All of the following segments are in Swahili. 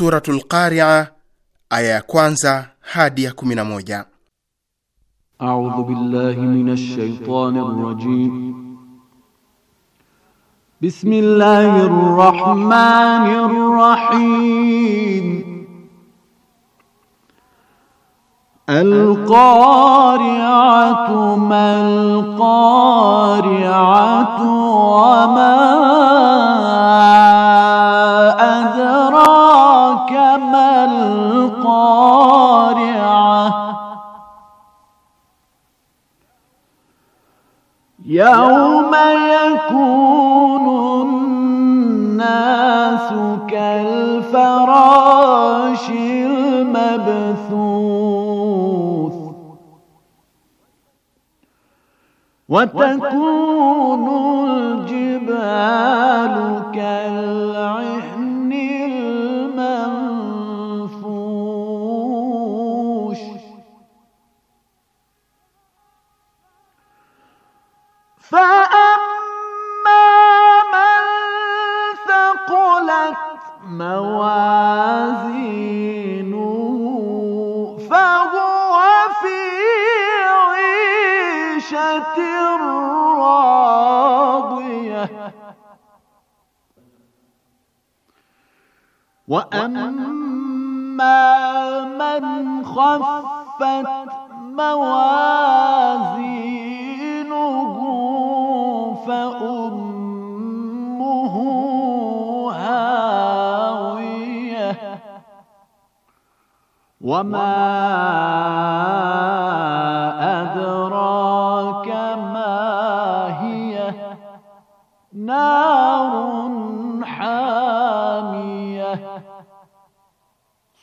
Suratul Qari'a aya ya kwanza hadi ya 11. A'udhu billahi minash shaitanir rajim. Bismillahir rahmanir rahim. القارعة ما القارعة وما أدراك القارعة يوم يكون الناس كالفراش المبثوث وتكون الجبال كالفراش وأما من خفت موازينه فأمه هاوية وما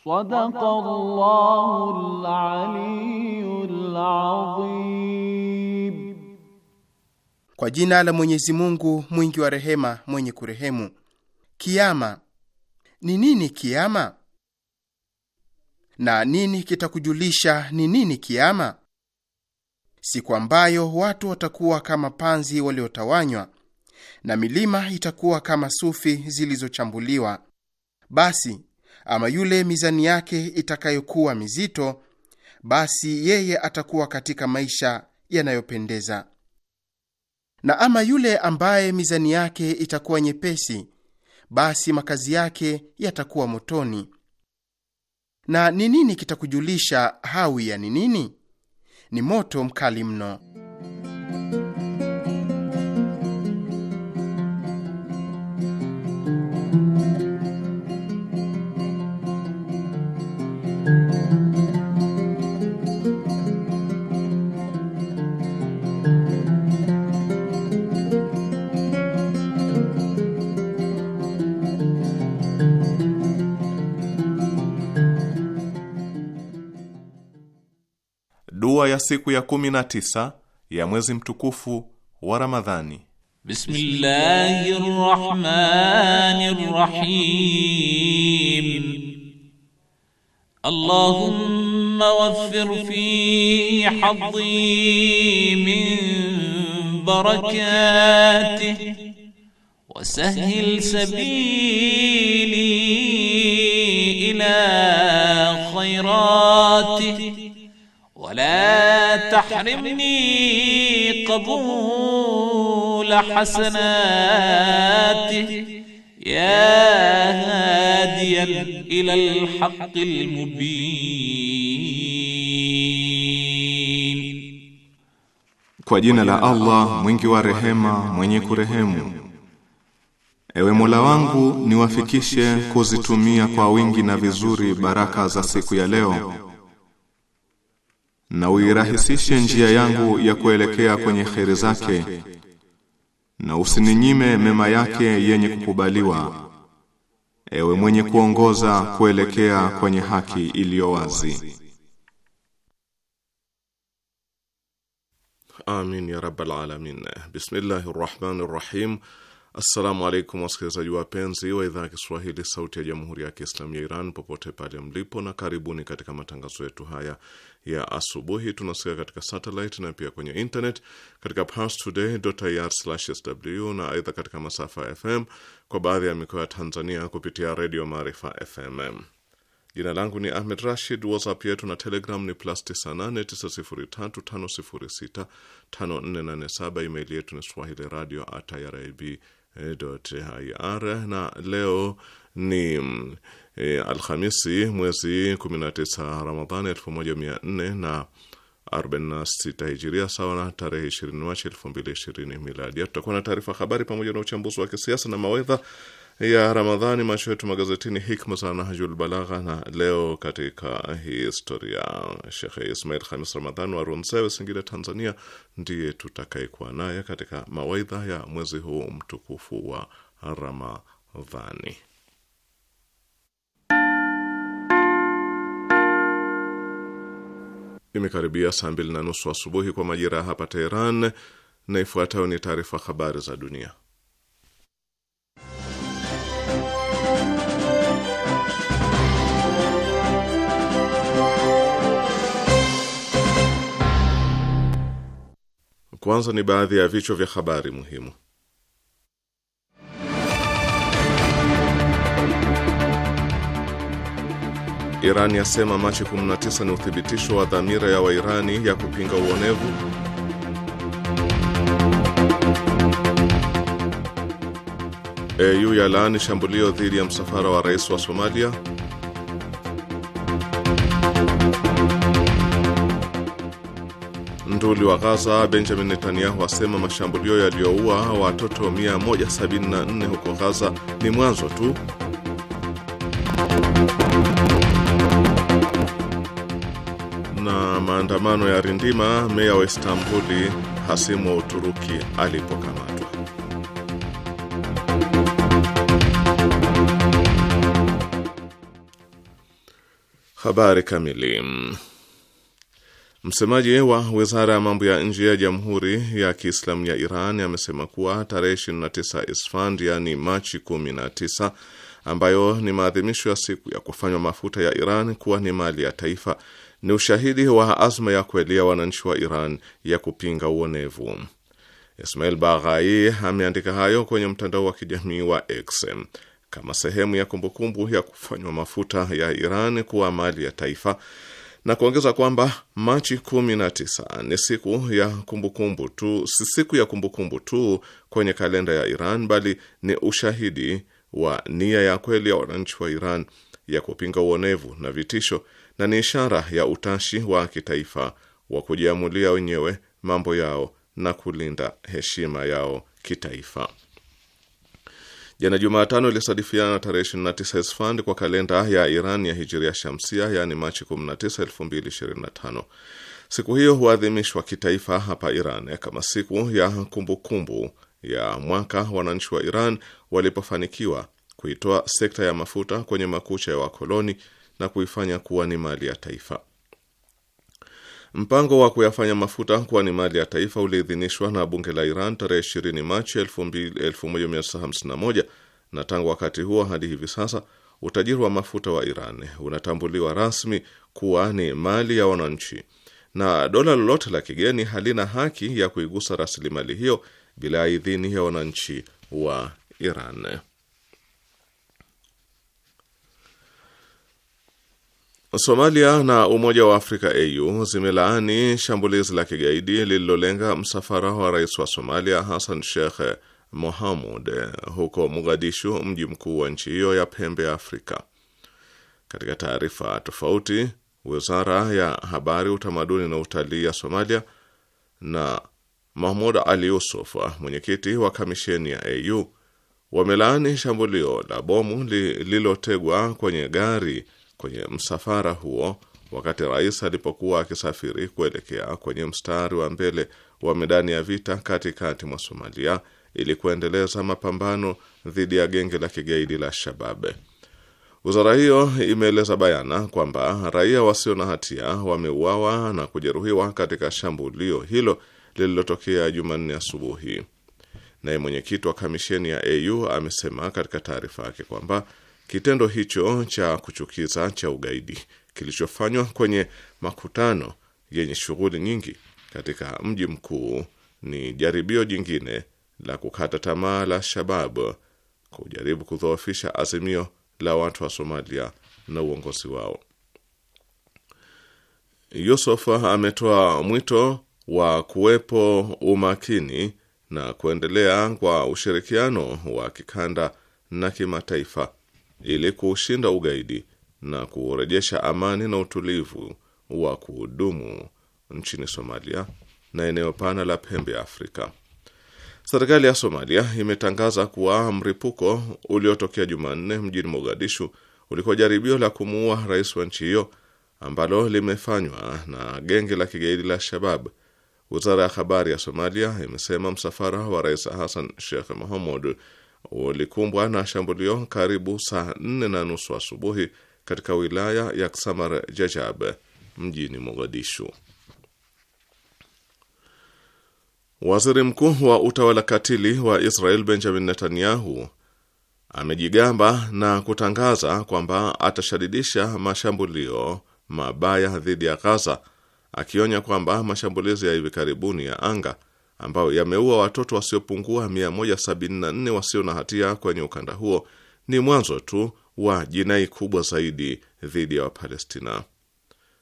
Sadaqallahul Aliyyul Adhim. Kwa jina la Mwenyezi Mungu mwingi wa rehema mwenye kurehemu. Kiama ni nini? Kiama na nini kitakujulisha ni nini kiama? Siku ambayo watu watakuwa kama panzi waliotawanywa na milima itakuwa kama sufi zilizochambuliwa. Basi ama yule mizani yake itakayokuwa mizito, basi yeye atakuwa katika maisha yanayopendeza. Na ama yule ambaye mizani yake itakuwa nyepesi, basi makazi yake yatakuwa motoni. Na ni nini kitakujulisha hawi ya ni nini? Ni moto mkali mno. siku ya kumi na tisa ya mwezi mtukufu wa Ramadhani. Bismillahir Rahmanir Rahim. Allahumma waffir fi hadhi min barakati wa sahhil sabili ila khairati تحرمني قبول حسناته يا هاديا الى الحق المبين kwa jina la Allah mwingi wa rehema mwenye kurehemu. Ewe Mola wangu, niwafikishe kuzitumia kwa wingi na vizuri baraka za siku ya leo na uirahisishe njia yangu ya kuelekea kwenye kheri zake na usininyime mema yake yenye kukubaliwa ewe mwenye kuongoza kuelekea kwenye haki iliyo wazi amin ya rabbal alamin bismillahir rahmanir rahim Assalamu alaikum wasikilizaji wapenzi wa idhaa ya Kiswahili sauti ya jamhuri ya Kiislamu ya Iran popote pale mlipo, na karibuni katika matangazo yetu haya ya asubuhi. Tunasikia katika satellite na pia kwenye internet katika parstoday.ir/sw na aidha katika masafa ya FM kwa baadhi ya mikoa ya Tanzania kupitia redio Maarifa FM. Jina langu ni Ahmed Rashid. WhatsApp yetu na Telegram ni plus 989035065487. Email yetu ni swahili radio at irib ir na leo ni e, Alhamisi mwezi 19 Ramadhani 1446 Hijiria, sawa na tarehe 20 Machi 2020 Miladi. Tutakuwa na taarifa habari pamoja na uchambuzi wa kisiasa na mawedha ya Ramadhani, macho yetu magazetini, hikma za Nahjul Balagha, na leo katika historia, Shekhe Ismail Khamis Ramadhan wa Runsewe, Singida, Tanzania, ndiye tutakayekuwa naye katika mawaidha ya mwezi huu mtukufu wa Ramadhani. Imekaribia saa mbili na nusu asubuhi kwa majira ya hapa Teheran, na ifuatayo ni taarifa habari za dunia. Kwanza ni baadhi ya vichwa vya habari muhimu. Iran yasema Machi 19 ni uthibitisho wa dhamira ya Wairani ya kupinga uonevu. AU yalaani shambulio dhidi ya msafara wa rais wa Somalia. Mduli wa Ghaza Benjamin Netanyahu asema mashambulio yaliyoua watoto 174 huko Ghaza ni mwanzo tu. Na maandamano ya rindima meya wa Istanbuli hasimu wa Uturuki alipokamatwa. Habari kamili Msemaji wa wizara ya mambo ya nje ya Jamhuri ya Kiislamu ya Iran amesema kuwa tarehe 29 Isfand, yaani Machi 19, ambayo ni maadhimisho ya siku ya kufanywa mafuta ya Iran kuwa ni mali ya taifa, ni ushahidi wa azma ya kweli ya wananchi wa Iran ya kupinga uonevu. Ismail Baghai ameandika hayo kwenye mtandao wa kijamii wa X kama sehemu ya kumbukumbu ya kufanywa mafuta ya Iran kuwa mali ya taifa na kuongeza kwamba Machi 19 ni siku ya kumbukumbu tu, si siku ya kumbukumbu tu kwenye kalenda ya Iran, bali ni ushahidi wa nia ya kweli ya wananchi wa Iran ya kupinga uonevu na vitisho na ni ishara ya utashi wa kitaifa wa kujiamulia wenyewe mambo yao na kulinda heshima yao kitaifa jana Jumatano ilisadifiana tarehe 29 Esfand kwa kalenda ya Iran ya hijiria shamsia, yaani Machi 19, 2025. Siku hiyo huadhimishwa kitaifa hapa Iran kama siku ya kumbukumbu kumbu ya mwaka wananchi wa Iran walipofanikiwa kuitoa sekta ya mafuta kwenye makucha ya wakoloni na kuifanya kuwa ni mali ya taifa. Mpango wa kuyafanya mafuta kuwa ni mali ya taifa uliidhinishwa na bunge la Iran tarehe 20 Machi 1951 na tangu wakati huo hadi hivi sasa utajiri wa mafuta wa Iran unatambuliwa rasmi kuwa ni mali ya wananchi, na dola lolote la kigeni halina haki ya kuigusa rasilimali hiyo bila idhini ya wananchi wa Iran. Somalia na Umoja wa Afrika AU zimelaani shambulizi la kigaidi lililolenga msafara wa rais wa Somalia Hassan Sheikh Mohamud huko Mogadishu, mji mkuu wa nchi hiyo ya pembe ya Afrika. Katika taarifa tofauti, wizara ya habari, utamaduni na utalii ya Somalia na Mahmud Ali Yusuf, mwenyekiti wa kamisheni ya AU, wamelaani shambulio la bomu lililotegwa kwenye gari kwenye msafara huo wakati rais alipokuwa akisafiri kuelekea kwenye mstari wa mbele wa medani ya vita katikati mwa Somalia ili kuendeleza mapambano dhidi ya genge la kigaidi la shabab Wizara hiyo imeeleza bayana kwamba raia wasio na hatia wameuawa na kujeruhiwa katika shambulio hilo lililotokea Jumanne asubuhi. Naye mwenyekiti wa kamisheni ya AU amesema katika taarifa yake kwamba Kitendo hicho cha kuchukiza cha ugaidi kilichofanywa kwenye makutano yenye shughuli nyingi katika mji mkuu ni jaribio jingine la kukata tamaa la Shabab kujaribu kudhoofisha azimio la watu wa Somalia na uongozi wao. Yusuf ametoa mwito wa kuwepo umakini na kuendelea kwa ushirikiano wa kikanda na kimataifa ili kuushinda ugaidi na kurejesha amani na utulivu wa kudumu nchini Somalia na eneo pana la pembe ya Afrika. Serikali ya Somalia imetangaza kuwa mripuko uliotokea Jumanne mjini Mogadishu ulikuwa jaribio la kumuua rais wa nchi hiyo ambalo limefanywa na genge la kigaidi la Shabab. Wizara ya habari ya Somalia imesema msafara wa rais Hassan Sheikh Mohamud ulikumbwa na shambulio karibu saa nne na nusu asubuhi katika wilaya ya Ksamar Jajab mjini Mogadishu. Waziri mkuu wa utawala katili wa Israel Benjamin Netanyahu amejigamba na kutangaza kwamba atashadidisha mashambulio mabaya dhidi ya Gaza, akionya kwamba mashambulizi ya hivi karibuni ya anga ambayo yameua watoto wasiopungua 174 wasio na hatia kwenye ukanda huo ni mwanzo tu wa jinai kubwa zaidi dhidi ya Wapalestina.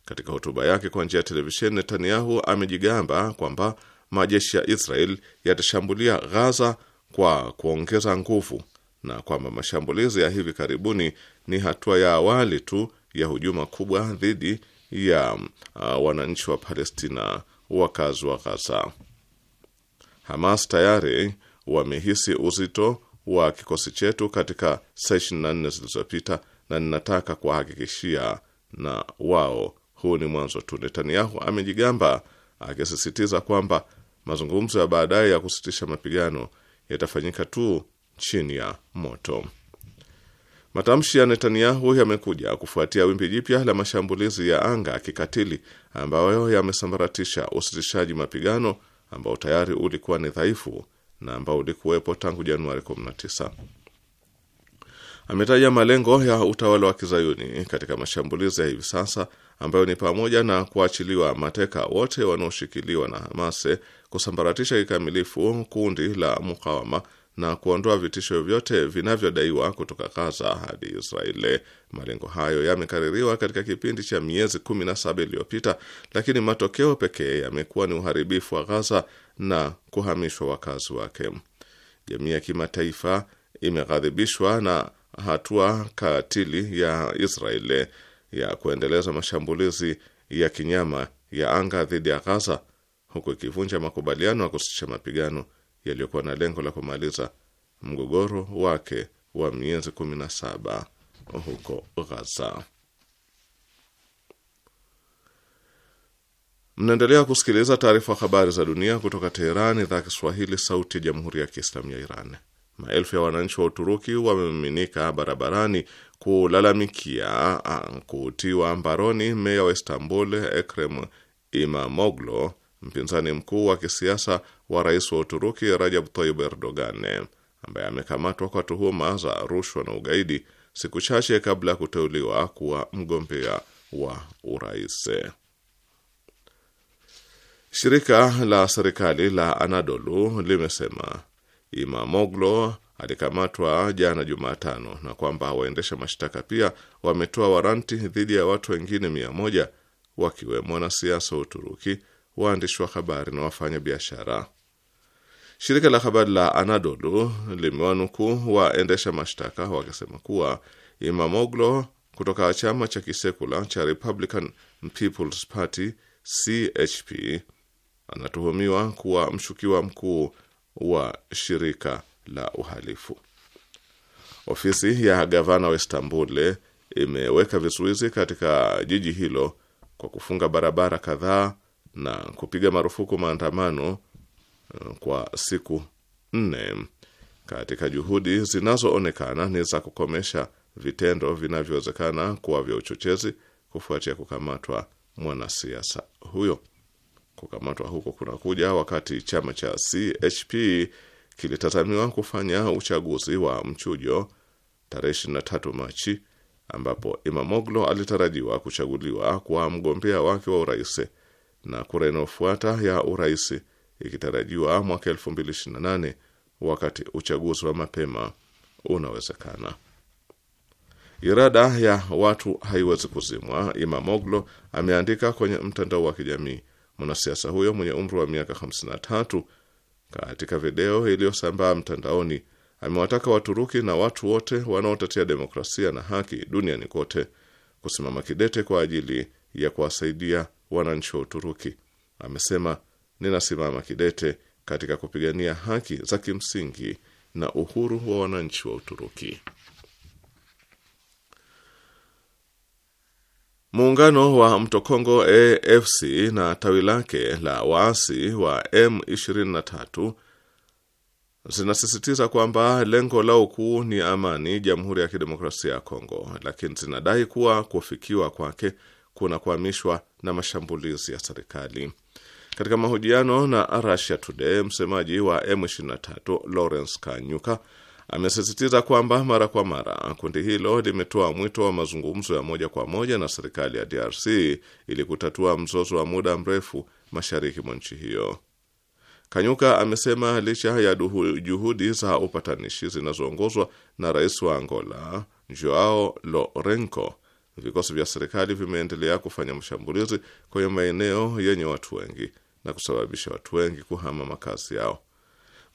Katika hotuba yake kwa njia ya televisheni, Netanyahu amejigamba kwamba majeshi ya Israel yatashambulia Ghaza kwa kuongeza nguvu na kwamba mashambulizi ya hivi karibuni ni hatua ya awali tu ya hujuma kubwa dhidi ya uh, wananchi wa Palestina, wakazi wa Ghaza. Hamas tayari wamehisi uzito wa kikosi chetu katika saa 24 zilizopita, na ninataka kuwahakikishia na wao huu ni mwanzo tu, Netanyahu amejigamba, akisisitiza kwamba mazungumzo ya baadaye ya kusitisha mapigano yatafanyika tu chini ya moto. Matamshi ya Netanyahu yamekuja kufuatia wimbi jipya la mashambulizi ya anga kikatili ambayo yamesambaratisha usitishaji mapigano ambao tayari ulikuwa ni dhaifu na ambao ulikuwepo tangu Januari 19. Ametaja malengo ya utawala wa kizayuni katika mashambulizi ya hivi sasa ambayo ni pamoja na kuachiliwa mateka wote wanaoshikiliwa na Hamas, kusambaratisha kikamilifu kundi la mukawama na kuondoa vitisho vyote vinavyodaiwa kutoka Gaza hadi Israeli. Malengo hayo yamekaririwa katika kipindi cha miezi 17 iliyopita, lakini matokeo pekee yamekuwa ni uharibifu wa Gaza na kuhamishwa wakazi wake. Jamii ya kimataifa imeghadhibishwa na hatua katili ya Israeli ya kuendeleza mashambulizi ya kinyama ya anga dhidi ya Gaza huku ikivunja makubaliano ya kusitisha mapigano yaliyokuwa na lengo la kumaliza mgogoro wake wa miezi 17 huko Gaza. Mnaendelea kusikiliza taarifa habari za dunia kutoka Teherani, idhaa Kiswahili, sauti ya jamhuri ya kiislamu ya Iran. Maelfu ya wananchi wa Uturuki wamemiminika barabarani kulalamikia kutiwa mbaroni meya wa Istanbul Ekrem Imamoglo mpinzani mkuu wa kisiasa wa rais wa Uturuki Rajab Tayyip Erdogan, ambaye amekamatwa kwa tuhuma za rushwa na ugaidi siku chache kabla ya kuteuliwa kuwa mgombea wa urais. Shirika la serikali la Anadolu limesema Imamoglo alikamatwa jana Jumatano na kwamba waendesha mashtaka pia wametoa waranti dhidi ya watu wengine mia moja wakiwemo wanasiasa wa Uturuki waandishi wa habari na wafanya biashara. Shirika la habari la Anadolu limewanukuu waendesha mashtaka wakisema kuwa Imamoglo kutoka chama cha kisekula cha Republican People's Party CHP anatuhumiwa kuwa mshukiwa mkuu wa shirika la uhalifu. Ofisi ya gavana wa Istanbul imeweka vizuizi katika jiji hilo kwa kufunga barabara kadhaa na kupiga marufuku maandamano uh, kwa siku nne katika juhudi zinazoonekana ni za kukomesha vitendo vinavyowezekana kuwa vya uchochezi kufuatia kukamatwa mwanasiasa huyo. Kukamatwa huko kunakuja wakati chama cha CHP kilitazamiwa kufanya uchaguzi wa mchujo tarehe 23 Machi, ambapo Imamoglo alitarajiwa kuchaguliwa kwa mgombea wake wa urais na kura inayofuata ya urais ikitarajiwa mwaka 2028 wakati uchaguzi wa mapema unawezekana. Irada ya watu haiwezi kuzimwa, Imamoglo ameandika kwenye mtandao wa kijamii. Mwanasiasa huyo mwenye umri wa miaka 53 katika video iliyosambaa mtandaoni amewataka Waturuki na watu wote wanaotetea demokrasia na haki duniani kote kusimama kidete kwa ajili ya kuwasaidia wananchi wa Uturuki. Amesema, ninasimama kidete katika kupigania haki za kimsingi na uhuru wa wananchi wa Uturuki. Muungano wa Mto Kongo AFC na tawi lake la waasi wa M23 zinasisitiza kwamba lengo lao kuu ni amani Jamhuri ya Kidemokrasia ya Kongo, lakini zinadai kuwa kufikiwa kwake kunakwamishwa na mashambulizi ya serikali. Katika mahojiano na Russia Today, msemaji wa M23 Lawrence Kanyuka amesisitiza kwamba mara kwa mara kundi hilo limetoa mwito wa mazungumzo ya moja kwa moja na serikali ya DRC ili kutatua mzozo wa muda mrefu mashariki mwa nchi hiyo. Kanyuka amesema licha ya juhudi za upatanishi zinazoongozwa na rais wa Angola Joao Lourenco Vikosi vya serikali vimeendelea kufanya mashambulizi kwenye maeneo yenye watu wengi na kusababisha watu wengi kuhama makazi yao.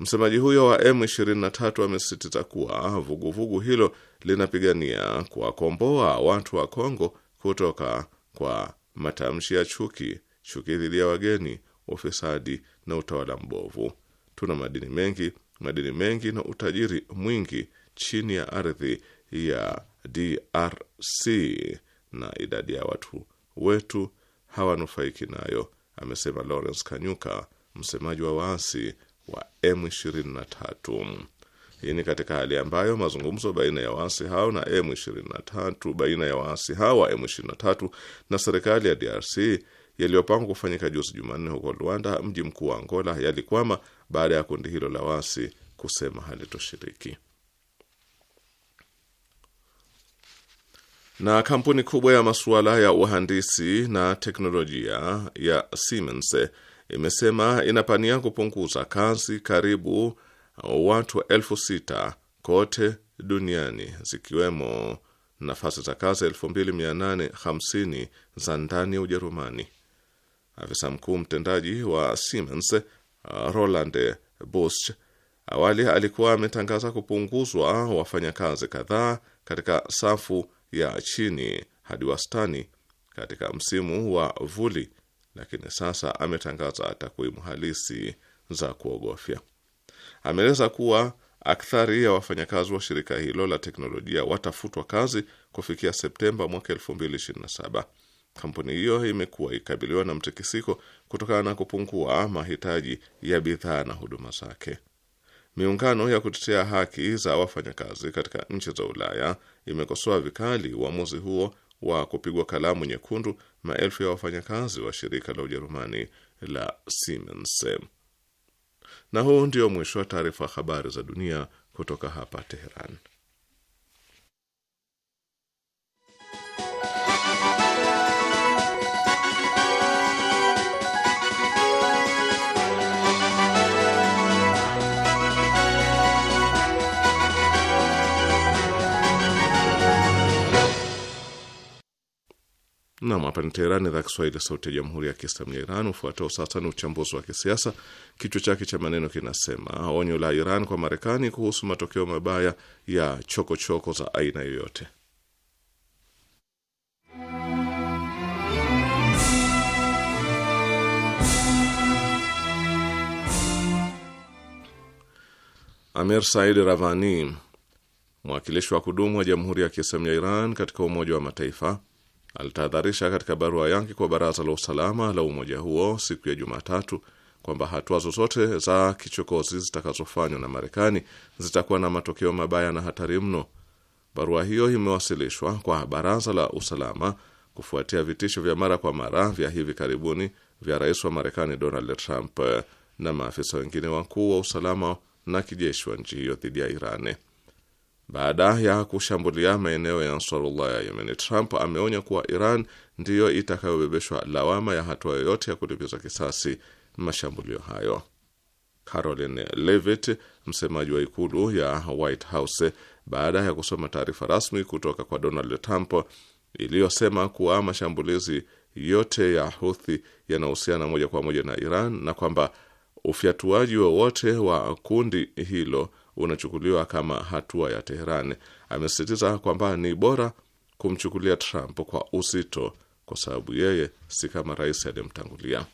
Msemaji huyo wa M23 amesisitiza kuwa vuguvugu hilo linapigania kuwakomboa watu wa Kongo kutoka kwa matamshi ya chuki, chuki dhidi ya wageni, ufisadi na utawala mbovu. Tuna madini mengi, madini mengi na utajiri mwingi chini ya ardhi ya DRC na idadi ya watu wetu hawanufaiki nayo, amesema Lawrence Kanyuka, msemaji wa waasi wa M23. Hii ni katika hali ambayo mazungumzo baina ya waasi hao na M23, baina ya waasi hao wa M23 na serikali ya DRC yaliyopangwa kufanyika juzi Jumanne huko Luanda, mji mkuu wa Angola, yalikwama baada ya kundi hilo la waasi kusema halitoshiriki. na kampuni kubwa ya masuala ya uhandisi na teknolojia ya Siemens imesema inapania kupunguza kazi karibu watu elfu sita kote duniani zikiwemo nafasi za kazi 2850 za ndani ya Ujerumani. Afisa mkuu mtendaji wa Siemens Roland Busch awali alikuwa ametangaza kupunguzwa wafanyakazi kadhaa katika safu ya chini hadi wastani katika msimu wa vuli, lakini sasa ametangaza takwimu halisi za kuogofya. Ameeleza kuwa akthari ya wafanyakazi wa shirika hilo la teknolojia watafutwa kazi kufikia Septemba mwaka 2027. Kampuni hiyo imekuwa ikikabiliwa na mtikisiko kutokana na kupungua mahitaji ya bidhaa na huduma zake. Miungano ya kutetea haki za wafanyakazi katika nchi za Ulaya imekosoa vikali uamuzi huo wa kupigwa kalamu nyekundu maelfu ya wafanyakazi wa shirika la Ujerumani la Siemens. Na huu ndio mwisho wa taarifa habari za dunia kutoka hapa Teheran. Nam, hapa ni Teherani, idhaa Kiswahili, sauti ya jamhuri ya kiislamu ya Iran. Ufuatao sasa ni uchambuzi wa kisiasa, kichwa chake cha maneno kinasema onyo la Iran kwa Marekani kuhusu matokeo mabaya ya chokochoko choko za aina yoyote. Amir Said Ravani, mwakilishi wa kudumu wa jamhuri ya kiislamu ya Iran katika Umoja wa Mataifa Alitahadharisha katika barua yake kwa Baraza la Usalama la umoja huo siku ya Jumatatu kwamba hatua zozote za kichokozi zitakazofanywa na Marekani zitakuwa na matokeo mabaya na hatari mno. Barua hiyo imewasilishwa kwa Baraza la Usalama kufuatia vitisho vya mara kwa mara vya hivi karibuni vya rais wa Marekani Donald Trump na maafisa wengine wakuu wa usalama na kijeshi wa nchi hiyo dhidi ya Iran. Baada ya kushambulia maeneo ya Ansarullah ya Yemen, Trump ameonya kuwa Iran ndiyo itakayobebeshwa lawama ya hatua yoyote ya kulipiza kisasi mashambulio hayo. Caroline Levitt, msemaji wa ikulu ya White House, baada ya kusoma taarifa rasmi kutoka kwa Donald Trump iliyosema kuwa mashambulizi yote ya Houthi yanahusiana moja kwa moja na Iran na kwamba ufyatuaji wowote wa, wa kundi hilo unachukuliwa kama hatua ya Teheran. Amesisitiza kwamba ni bora kumchukulia Trump kwa uzito kwa sababu yeye si kama rais aliyemtangulia.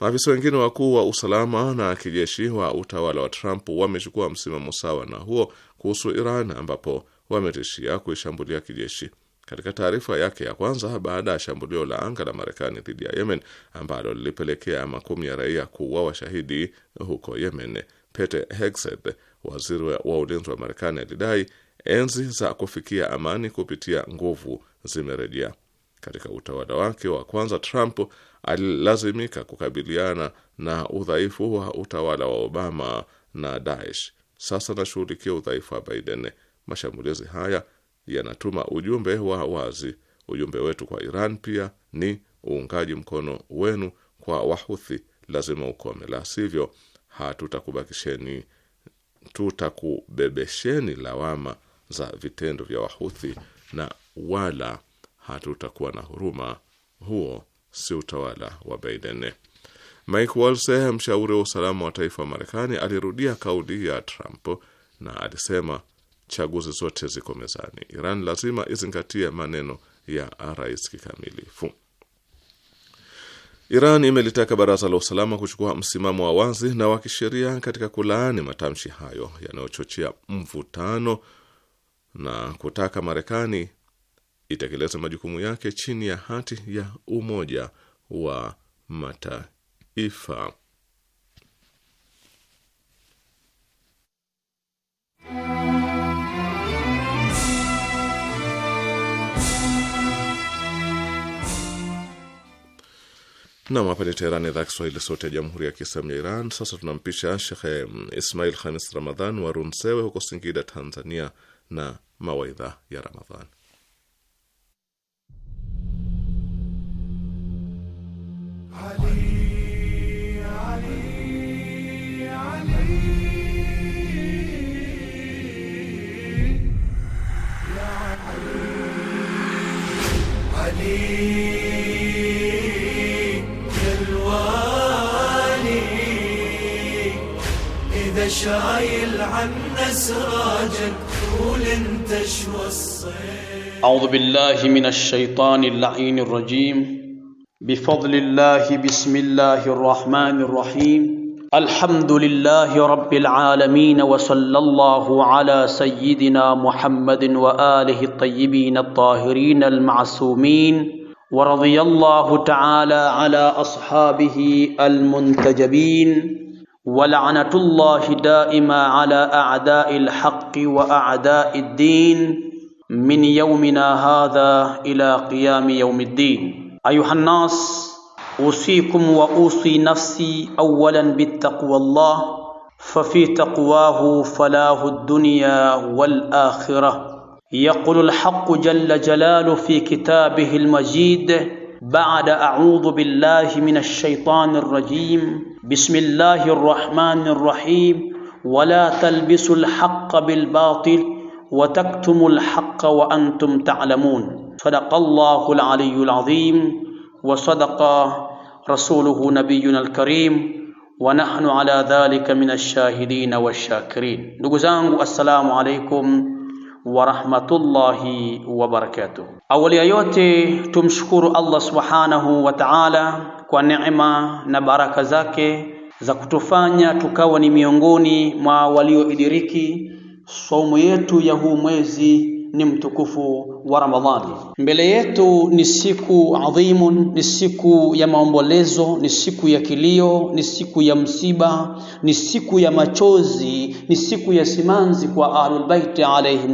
Maafisa wengine wakuu wa usalama na kijeshi wa utawala wa Trump wamechukua msimamo sawa na huo kuhusu Iran, ambapo wametishia kuishambulia kijeshi. Katika taarifa yake ya kwanza baada ya shambulio la anga la Marekani dhidi ya Yemen ambalo lilipelekea makumi ya raia kuuawa shahidi huko Yemen, Pete Hegseth waziri wa ulinzi wa Marekani alidai enzi za kufikia amani kupitia nguvu zimerejea. Katika utawala wake wa kwanza, Trump alilazimika kukabiliana na udhaifu wa utawala wa Obama na Daesh. Sasa anashughulikia udhaifu wa Biden. Mashambulizi haya yanatuma ujumbe wa wazi. Ujumbe wetu kwa Iran pia ni uungaji mkono wenu kwa Wahuthi lazima ukome, la sivyo hatutakubakisheni tutakubebesheni lawama za vitendo vya Wahuthi na wala hatutakuwa na huruma. Huo si utawala wa Biden. Mike Walse, mshauri wa usalama wa taifa wa Marekani, alirudia kauli ya Trump na alisema chaguzi zote ziko mezani. Iran lazima izingatie maneno ya rais kikamilifu. Iran imelitaka baraza la usalama kuchukua msimamo wa wazi na wa kisheria katika kulaani matamshi hayo yanayochochea mvutano na kutaka Marekani itekeleze majukumu yake chini ya hati ya Umoja wa Mataifa. Nam, hapa ni Teherani, idhaa Kiswahili, sauti ya jamhuri ya kiislamu ya Iran. Sasa tunampisha Shekhe Ismail Khamis Ramadhan wa Runsewe huko Singida, Tanzania, na mawaidha ya Ramadhan. Ali, Ali, Ali. Ali, Ali. شايل عنا سراجك طول انت شو الصيف أعوذ بالله من الشيطان اللعين الرجيم بفضل الله بسم الله الرحمن الرحيم الحمد لله رب العالمين وصلى الله على سيدنا محمد وآله الطيبين الطاهرين المعصومين ورضي الله تعالى على أصحابه المنتجبين ولعنة الله دائما على أعداء الحق وأعداء الدين من يومنا هذا إلى قيام يوم الدين أيها الناس أوصيكم وأوصي نفسي أولا بالتقوى الله ففي تقواه فلاه الدنيا والآخرة يقول الحق جل جلاله في كتابه المجيد بعد أعوذ بالله من الشيطان الرجيم بسم الله الرحمن الرحيم ولا تلبسوا الحق بالباطل وتكتموا الحق وأنتم تعلمون صدق الله العلي العظيم وصدق رسوله نبينا الكريم ونحن على ذلك من الشاهدين والشاكرين نقول السلام عليكم wa rahmatullahi wa barakatuh. Awali ya yote tumshukuru Allah subhanahu wa ta'ala kwa neema na baraka zake za kutufanya tukawa ni miongoni mwa walioidiriki saumu yetu ya huu mwezi ni mtukufu wa Ramadhani. Mbele yetu ni siku adhimu ni siku ya maombolezo, ni siku ya kilio, ni siku ya msiba, ni siku ya machozi, ni siku ya simanzi kwa Ahlulbaiti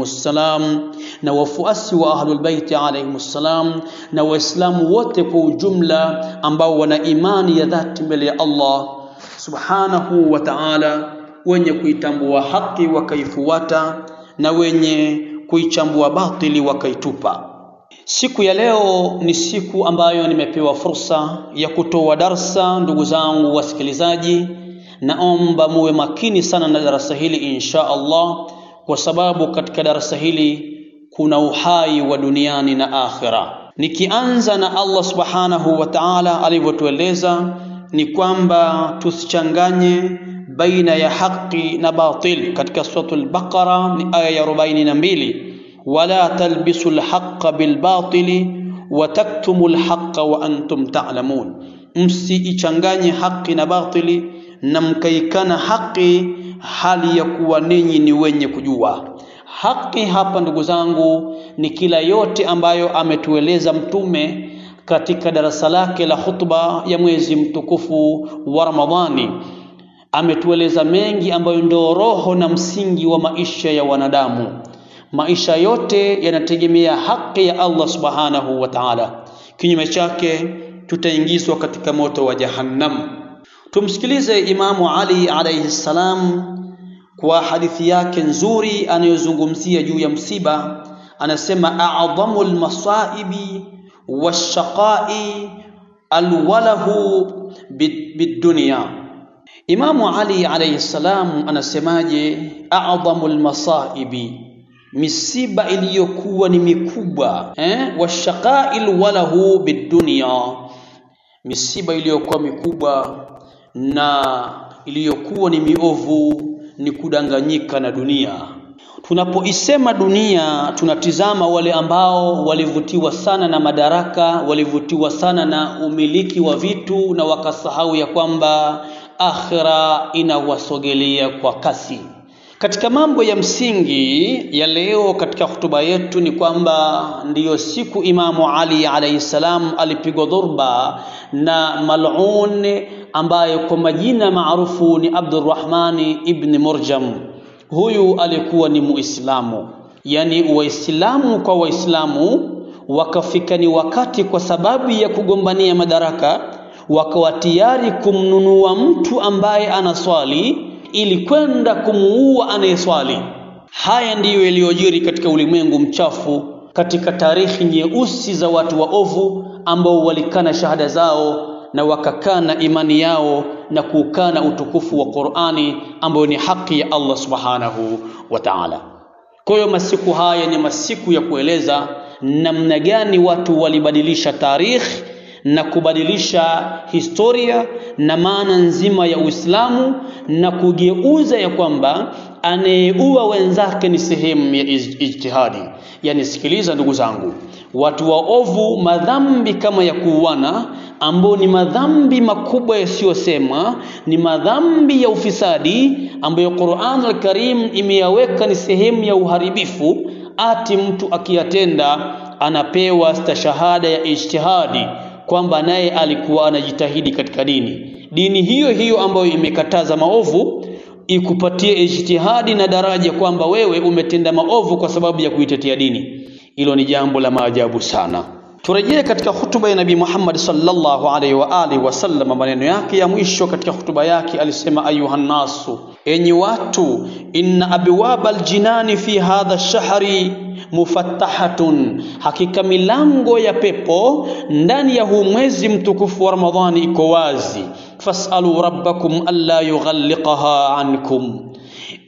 ssalam na wafuasi wa Ahlulbaiti alayhimussalam na Waislamu wote kwa ujumla ambao wana imani ya dhati mbele ya Allah subhanahu wa ta'ala, wenye kuitambua wa haki wakaifuata na wenye kuichambua batili wakaitupa. Siku ya leo ni siku ambayo nimepewa fursa ya kutoa darsa. Ndugu zangu wasikilizaji, naomba muwe makini sana na darasa hili insha Allah, kwa sababu katika darasa hili kuna uhai wa duniani na akhira. Nikianza na Allah subhanahu wa ta'ala alivyotueleza ni kwamba tusichanganye baina ya haqi na batil katika suratul Baqara ni aya ya 42, wala talbisu lhaqa bilbatili wataktumu lhaqa wa antum ta'lamun, msiichanganye haqi na batili na mkaikana haqi hali ya kuwa ninyi ni wenye kujua. Haki hapa ndugu zangu ni kila yote ambayo ametueleza Mtume katika darasa lake la hutuba ya mwezi mtukufu wa Ramadhani ametueleza mengi ambayo ndo roho na msingi wa maisha ya wanadamu. Maisha yote yanategemea haki ya Allah subhanahu wa ta'ala, kinyume chake tutaingizwa katika moto wa Jahannam. Tumsikilize Imamu Ali alayhi salam kwa hadithi yake nzuri anayozungumzia juu ya msiba, anasema a'dhamu almasaibi washaqai alwalahu bid Imamu Ali alayhi salam anasemaje, a'dhamul masaibi, misiba iliyokuwa ni mikubwa eh, washaqail walahu bidunya, misiba iliyokuwa mikubwa na iliyokuwa ni miovu ni kudanganyika na dunia. Tunapoisema dunia, tunatizama wale ambao walivutiwa sana na madaraka, walivutiwa sana na umiliki wa vitu na wakasahau ya kwamba akhira inawasogelea kwa kasi. Katika mambo ya msingi ya leo katika hotuba yetu ni kwamba ndiyo siku Imamu Ali alayhi salam alipigwa dhurba na mal'un ambaye kwa majina maarufu ni Abdurrahmani ibn Murjam. Huyu alikuwa ni Muislamu, yani Waislamu kwa Waislamu wakafikani wakati kwa sababu ya kugombania madaraka wakawa tayari kumnunua mtu ambaye anaswali ili kwenda kumuua anayeswali. Haya ndiyo yaliyojiri katika ulimwengu mchafu, katika tarehe nyeusi za watu waovu ambao walikana shahada zao na wakakana imani yao na kuukana utukufu wa Qur'ani ambayo ni haki ya Allah Subhanahu wa Ta'ala. Kwa hiyo masiku haya ni masiku ya kueleza namna gani watu walibadilisha tarikhi na kubadilisha historia na maana nzima ya Uislamu na kugeuza ya kwamba anayeua wenzake ni sehemu ya ijtihadi. yaani sikiliza ndugu zangu, watu waovu, madhambi kama ya kuuana ambao ni madhambi makubwa yasiyosema, ni madhambi ya ufisadi ambayo Qur'an al-Karim imeyaweka ni sehemu ya uharibifu, ati mtu akiyatenda anapewa stashahada ya ijtihadi kwamba naye alikuwa anajitahidi katika dini. Dini hiyo hiyo ambayo imekataza maovu ikupatie ijtihadi na daraja kwamba wewe umetenda maovu kwa sababu ya kuitetea dini. Hilo ni jambo la maajabu sana. Turejee katika hutuba ya Nabii Muhammad sallallahu alaihi wa alihi wasallam, maneno yake ya mwisho katika hutuba yake alisema: ayuhannasu, enyi watu, inna abwaba aljinani fi hadha shahri mufattahatun, hakika milango ya pepo ndani ya huu mwezi mtukufu wa Ramadhani iko wazi. Fasalu rabbakum alla yughalliqaha ankum,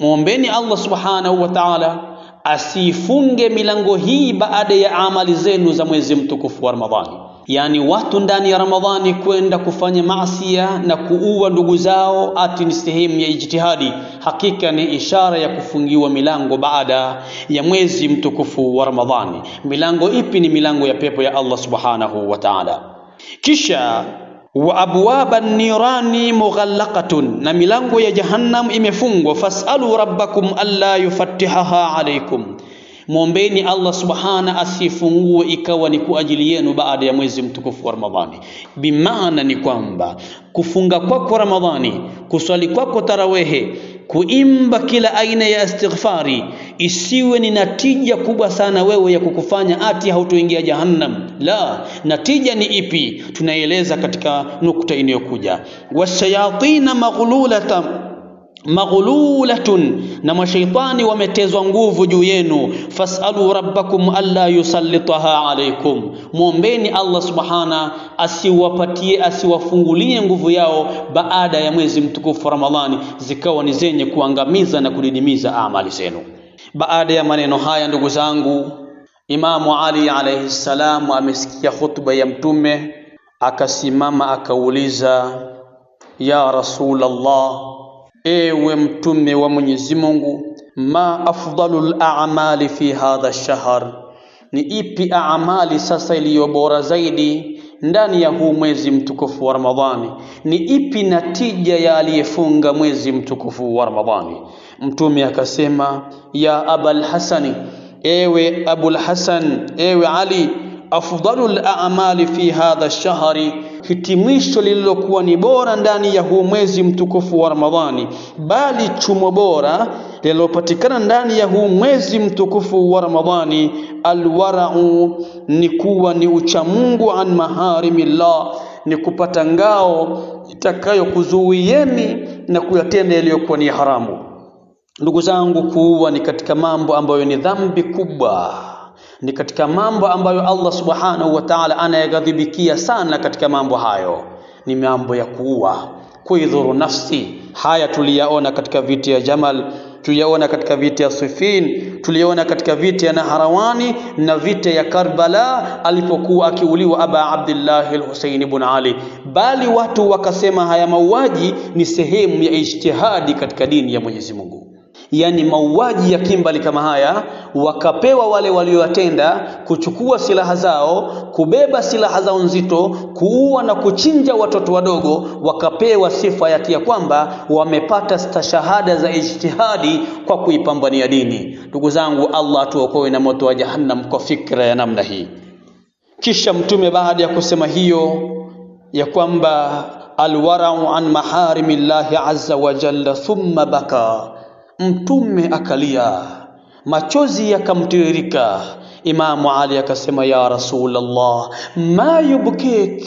mwombeni Allah subhanahu wa ta'ala asifunge milango hii baada ya amali zenu za mwezi mtukufu wa Ramadhani yani watu ndani ya Ramadhani kwenda kufanya maasia na kuua ndugu zao, ati ni sehemu ya ijtihadi, hakika ni ishara ya kufungiwa milango baada ya mwezi mtukufu wa Ramadhani. Milango ipi? Ni milango ya pepo ya Allah subhanahu wa ta'ala. Kisha wa abwaba nirani mughallaqatun, na milango ya jahannam imefungwa. Fasalu rabbakum alla yufattihaha alaykum mwombeni Allah subhana asifungue ikawa ni kwa ajili yenu baada ya mwezi mtukufu wa Ramadhani. Bimaana ni kwamba kufunga kwako kwa Ramadhani, kuswali kwako kwa tarawehe, kuimba kila aina ya istighfari isiwe ni natija kubwa sana wewe ya kukufanya ati hautoingia jahannam. La, natija ni ipi? Tunaeleza katika nukta inayokuja, washayatina maghlulata maghlulatun na mashaitani wametezwa nguvu juu yenu fasalu rabbakum alla yusallitaha alaikum muombeni Allah subhana asiwapatie asiwafungulie nguvu yao baada ya mwezi mtukufu Ramadhani zikawa ni zenye kuangamiza na kudidimiza amali zenu baada ya maneno haya ndugu zangu Imamu Ali alayhi salam amesikia khutba ya mtume akasimama akauliza ya Rasulullah Ewe Mtume wa Mwenyezi Mungu, ma afdalul a'mali fi hadha shahr, ni ipi amali sasa iliyo bora zaidi ndani ya huu mwezi mtukufu wa Ramadhani? Ni ipi natija ya aliyefunga mwezi mtukufu wa Ramadhani? Mtume akasema, ya abal hasani, ewe abul hasan, ewe Ali, afdalul a'mali fi hadha shahri hitimisho lililokuwa ni bora ndani ya huu mwezi mtukufu wa Ramadhani, bali chumo bora lililopatikana ndani ya huu mwezi mtukufu wa Ramadhani, alwarau, ni kuwa ni uchamungu an maharimillah, ni kupata ngao itakayokuzuieni na kuyatenda yaliyokuwa ni haramu. Ndugu zangu, kuua ni katika mambo ambayo ni dhambi kubwa ni katika mambo ambayo Allah subhanahu wa ta'ala anayaghadhibikia sana. Katika mambo hayo ni mambo ya kuua, kuidhuru nafsi. Haya tuliyaona katika viti ya Jamal, tuliyaona katika vita ya Siffin, tuliyaona katika vita ya Naharawani na vita ya Karbala alipokuwa akiuliwa Aba Abdillahi al-Husaini ibn Ali, bali watu wakasema haya mauaji ni sehemu ya ijtihadi katika dini ya Mwenyezi Mungu yani mauaji ya kimbali kama haya, wakapewa wale walioyatenda kuchukua silaha zao, kubeba silaha zao nzito, kuua na kuchinja watoto wadogo, wakapewa sifa yati ya kwamba wamepata stashahada za ijtihadi kwa kuipambania dini. Ndugu zangu, Allah tuokoe na moto wa jahannam kwa fikra ya namna hii. Kisha Mtume baada ya kusema hiyo ya kwamba alwarau an maharimillahi azza wa jalla thumma baka Mtume akalia, machozi yakamtiririka. Imamu Ali akasema, ya Rasulullah, ma yubkik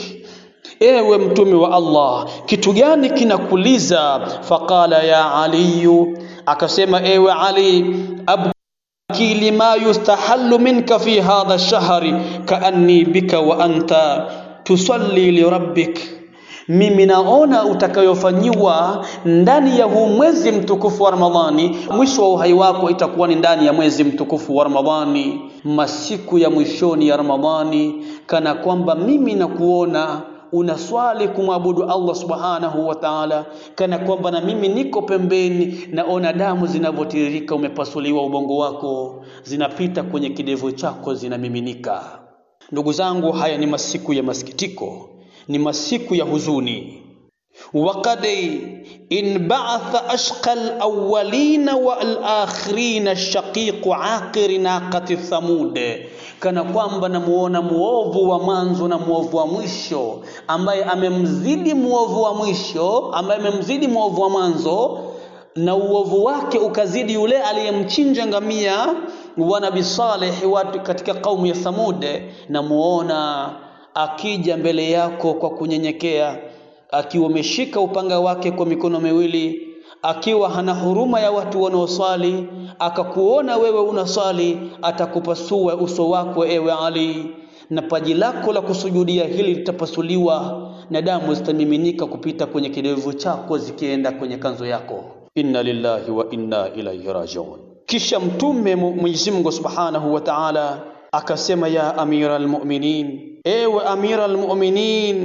Ewe mtume wa Allah, kitu gani kinakuliza? Faqala ya Aliyu, akasema ewe Ali, abki lima yustahallu minka fi hadha shahri kaanni bika wa anta tusalli lirabbik mimi naona utakayofanyiwa ndani ya huu mwezi mtukufu wa Ramadhani, mwisho wa uhai wako itakuwa ni ndani ya mwezi mtukufu wa Ramadhani, masiku ya mwishoni ya Ramadhani, kana kwamba mimi nakuona unaswali kumwabudu Allah subhanahu wa ta'ala, kana kwamba na mimi niko pembeni, naona damu zinavyotiririka, umepasuliwa ubongo wako, zinapita kwenye kidevu chako, zinamiminika. Ndugu zangu, haya ni masiku ya masikitiko ni masiku ya huzuni وقد إن بعث أشقى الأولين والآخرين الشقيق عاقر ناقة ثمود kana kwamba namuona muovu wa mwanzo na muovu wa mwisho ambaye amemzidi muovu wa mwisho ambaye amemzidi muovu wa mwanzo na uovu wake ukazidi yule aliyemchinja ngamia wa Nabii Saleh katika kaumu ya Thamud namuona akija mbele yako kwa kunyenyekea, akiwa ameshika upanga wake kwa mikono miwili akiwa hana huruma ya watu wanaoswali, akakuona wewe unaswali, atakupasua uso wako, ewe Ali, na paji lako la kusujudia hili litapasuliwa, na damu zitamiminika kupita kwenye kidevu chako zikienda kwenye kanzo yako. Inna lillahi wa inna ilaihi rajiun. Kisha Mtume Mwenyezi Mungu subhanahu wa taala akasema, ya amira almuminin Ewe amira almu'minin,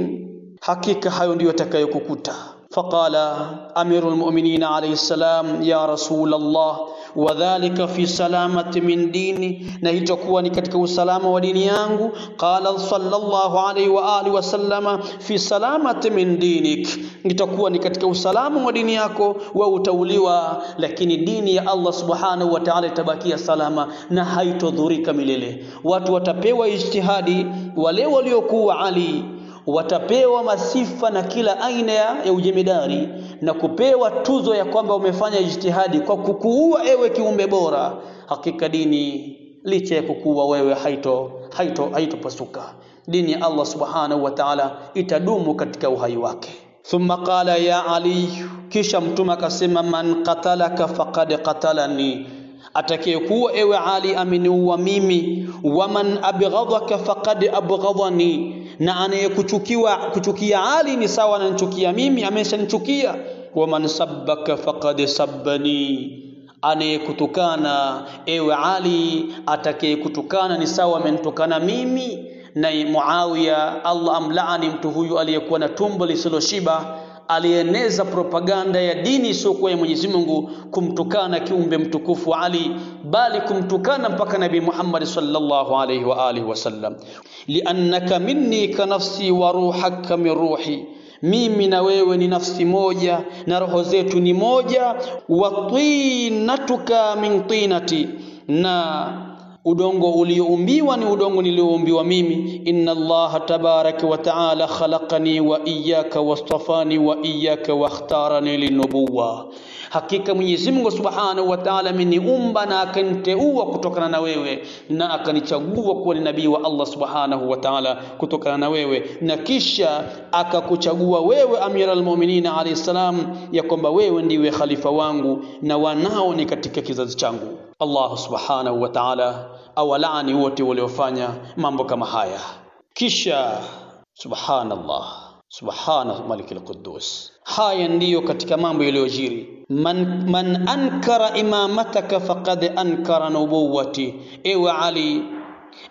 hakika hayo ndiyo atakayokukuta. فقال أمير المؤمنين عليه السلام ya rasul Allah wadhalika fi salamati min dini, na hitakuwa ni katika usalama wa dini yangu. Qala sallallahu alaihi wa alihi wasallama fi salamati min dinik, nitakuwa ni katika usalama wa dini yako, wa utauliwa, lakini dini ya Allah subhanahu wa ta'ala itabakia salama na haitodhurika milele. Watu watapewa ijtihadi, wale waliokuwa Ali watapewa masifa na kila aina ya ujemedari na kupewa tuzo ya kwamba umefanya ijtihadi kwa kukuua ewe kiumbe bora. Hakika dini licha ya kukuua wewe haito haito haitopasuka. Dini ya Allah subhanahu wa ta'ala itadumu katika uhai wake. Thumma qala ya Ali, kisha mtume akasema, man qatalaka faqad qatalani atakayekuwa ewe Ali ameniua mimi, waman abghadhaka faqad abghadhani, na anayekuchukiwa kuchukia Ali ni sawa ananichukia mimi, ameshanichukia. wa man sabbaka faqad sabbani, anayekutukana ewe Ali, atakayekutukana ni sawa amenitukana mimi. na Muawiya, Allah amlaani mtu huyu aliyekuwa na tumbo lisiloshiba alieneza propaganda ya dini isiyokuwa ya Mwenyezi Mungu, kumtukana kiumbe mtukufu Ali, bali kumtukana mpaka Nabii Muhammad sallallahu alayhi wa alihi wasallam. liannaka minni ka nafsi wa ruhaka min ruhi mimi na wewe ni nafsi moja na roho zetu ni moja. wa tinatuka min tinati na udongo ulioumbiwa ni udongo nilioumbiwa mimi. Inna Allaha tabaraka wa taala khalaqani wa iyyaka wastafani wa iyyaka wakhtarani linubuwa, hakika Mwenyezi Mungu subhanahu wa taala ameniumba na akaniteua kutokana na wewe na akanichagua kuwa ni nabii wa Allah subhanahu wa taala kutokana na wewe, na kisha akakuchagua wewe Amira almu'minin alayhi salam, ya kwamba wewe ndiwe khalifa wangu na wanao ni katika kizazi changu. Allah subhanahu wa ta'ala awalaani wote waliofanya mambo kama haya. Kisha subhanallah, subhana malik alquddus, Haya ndiyo katika mambo yaliyojiri. Man, man ankara imamataka faqad ankara nubuwati. Ewe Ali,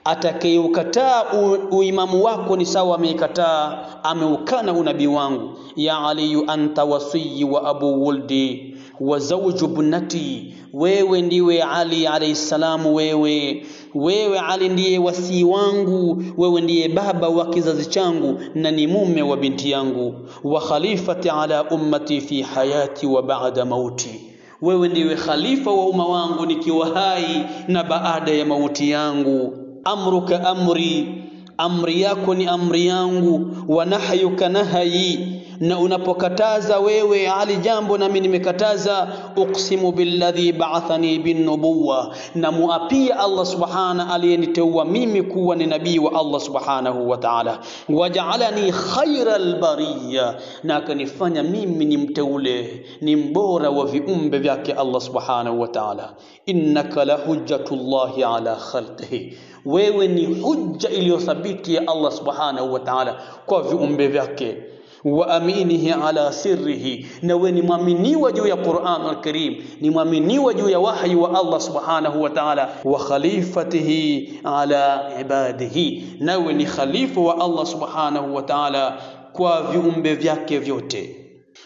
atakayeukataa uimamu wako ni sawa ameikataa ameukana unabii wangu. Ya aliyu anta wasiyi wa abu wuldi wa zawju bunati wewe ndiwe Ali alayhi salamu, wewe wewe Ali ndiye wasii wangu, wewe ndiye baba wa kizazi changu na ni mume wa binti yangu, wa khalifati ala ummati fi hayati wa ba'da mauti wewe ndiwe khalifa wa umma wangu nikiwa hai na baada ya mauti yangu. Amruka amri, amri yako ni amri yangu. Wa nahyuka nahayi na unapokataza wewe Ali jambo nami nimekataza, uksimu billadhi ba'athani binubuwa, na muapia Allah subhana aliyeniteua mimi kuwa ni nabii wa Allah subhanahu wa ta'ala, waja'alani khairal bariya, na akanifanya mimi ni mteule ni mbora wa viumbe vyake Allah subhanahu wa ta'ala. Innaka la hujjatullahi ala khalqihi wewe ni hujja iliyothabiti ya Allah subhanahu wa ta'ala kwa viumbe vyake wa aminihi ala sirrihi, na we ni mwaminiwa juu ya Qur'an al-Karim, ni mwaminiwa juu ya wahyi wa Allah subhanahu wa ta'ala. Wa khalifatihi ala ibadihi, nawe ni khalifa wa Allah subhanahu wa ta'ala kwa viumbe vyake vyote.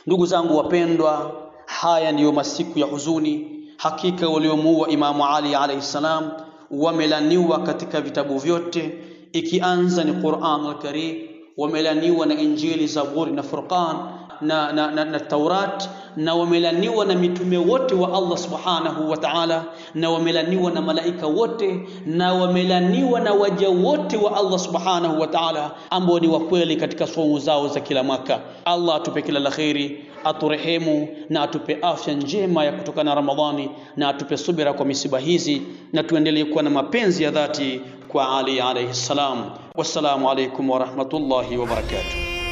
Ndugu zangu wapendwa, haya ndiyo masiku ya huzuni. Hakika waliomuua Imamu Ali alayhi salam wamelaniwa katika vitabu vyote, ikianza ni Qur'an al-Karim wamelaniwa na Injili, Zaburi na Furqan na, na, na, na Taurat na wamelaniwa na mitume wote wa Allah subhanahu wa ta'ala, na wamelaniwa na malaika wote, na wamelaniwa na waja wote wa Allah subhanahu wa ta'ala ambao ni wakweli katika somo zao za kila mwaka. Allah atupe kila la kheri, aturehemu na atupe afya njema ya kutokana na Ramadhani, na atupe subira kwa misiba hizi, na tuendelee kuwa na mapenzi ya dhati وعلي عليه السلام والسلام عليكم ورحمة الله وبركاته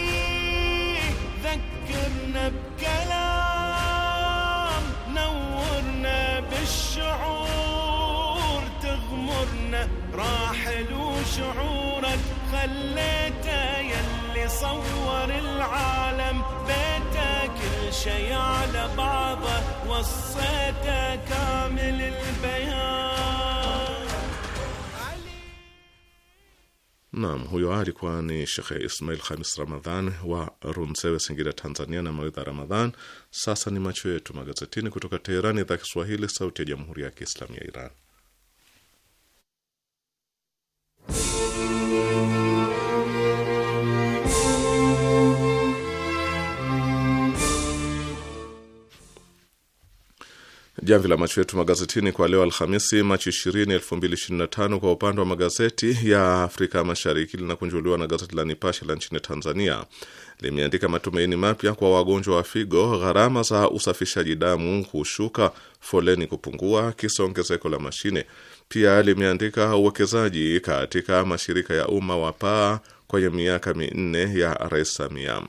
ذكرنا بكلام نورنا بالشعور تغمرنا راحل وشعورك خليته يلي صور العالم بيته كل شي على بعضه وصيته كامل البيان Naam, huyo alikuwa ni Shekhe Ismail Khamis Ramadhan wa Runzewe, Singida, Tanzania, na mawaidha Ramadhan. Sasa ni macho yetu magazetini kutoka Teherani, idhaa Kiswahili, sauti ya jamhuri ya kiislamu ya Iran. Jamvi la macho yetu magazetini kwa leo Alhamisi, Machi 20, 2025. Kwa upande wa magazeti ya Afrika Mashariki, linakunjuliwa na gazeti la Nipashe la nchini Tanzania. Limeandika matumaini mapya kwa wagonjwa wa figo, gharama za usafishaji damu kushuka, foleni kupungua, kisa ongezeko la mashine. Pia limeandika uwekezaji katika mashirika ya umma wa paa kwenye miaka minne ya Rais Samia,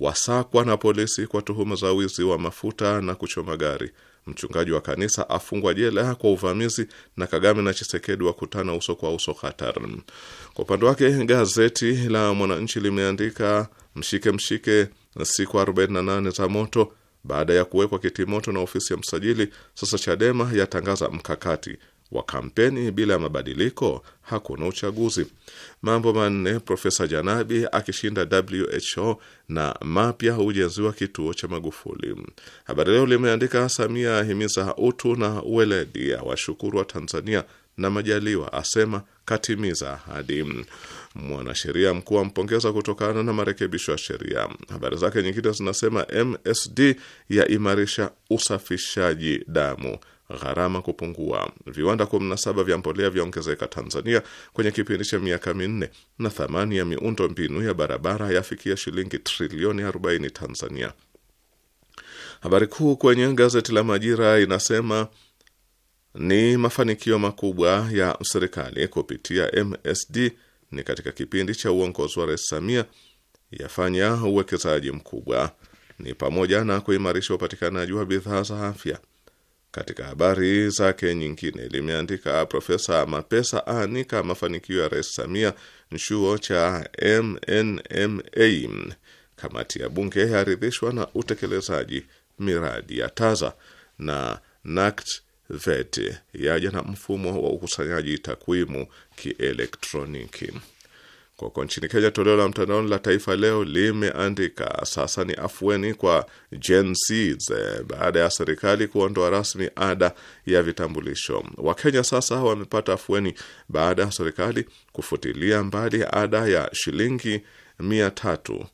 wasakwa na polisi kwa tuhuma za wizi wa mafuta na kuchoma gari Mchungaji wa kanisa afungwa jela kwa uvamizi, na Kagame na Chisekedi wakutana uso kwa uso Qatar. Kwa upande wake gazeti la Mwananchi limeandika mshike mshike, siku 48 za moto baada ya kuwekwa kitimoto na ofisi ya msajili. Sasa Chadema yatangaza mkakati wa kampeni bila mabadiliko, hakuna uchaguzi. Mambo manne Profesa Janabi akishinda WHO na mapya ujenzi wa kituo cha Magufuli. Habari Leo limeandika Samia ahimiza utu na uweledi, washukuru wa Tanzania na Majaliwa asema katimiza ahadi. Mwanasheria mkuu ampongeza kutokana na marekebisho ya sheria. Habari zake nyingine zinasema MSD yaimarisha usafishaji damu gharama kupungua, viwanda 17 vya mbolea vyaongezeka Tanzania kwenye kipindi cha miaka minne, na thamani ya miundo mbinu ya barabara yafikia shilingi trilioni 40 Tanzania. Habari kuu kwenye gazeti la Majira inasema ni mafanikio makubwa ya serikali kupitia MSD ni katika kipindi cha uongozi wa Rais Samia yafanya uwekezaji mkubwa, ni pamoja na kuimarisha upatikanaji wa bidhaa za afya katika habari zake nyingine limeandika Profesa Mapesa aanika mafanikio ya Rais Samia chuo cha MNMA. Kamati ya bunge yaridhishwa na utekelezaji miradi ya TAZA na NACT VET yaja na mfumo wa ukusanyaji takwimu kielektroniki. Huko nchini Kenya, toleo la mtandaoni la Taifa Leo limeandika sasa ni afueni kwa Gen Z baada ya serikali kuondoa rasmi ada ya vitambulisho. Wakenya sasa wamepata afueni baada ya serikali kufutilia mbali ada ya shilingi mia tatu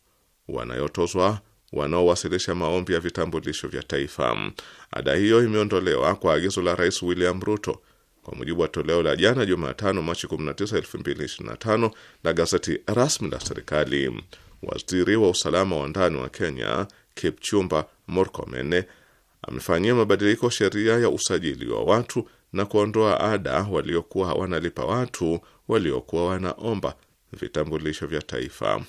wanayotozwa wanaowasilisha maombi ya vitambulisho vya taifa. Ada hiyo imeondolewa kwa agizo la Rais William Ruto. Kwa mujibu wa toleo la jana Jumatano, Machi 19, 2025 la gazeti rasmi la serikali, waziri wa usalama wa ndani wa Kenya Kipchumba Murkomen amefanyia mabadiliko sheria ya usajili wa watu na kuondoa ada waliokuwa wanalipa watu waliokuwa wanaomba vitambulisho vya taifa.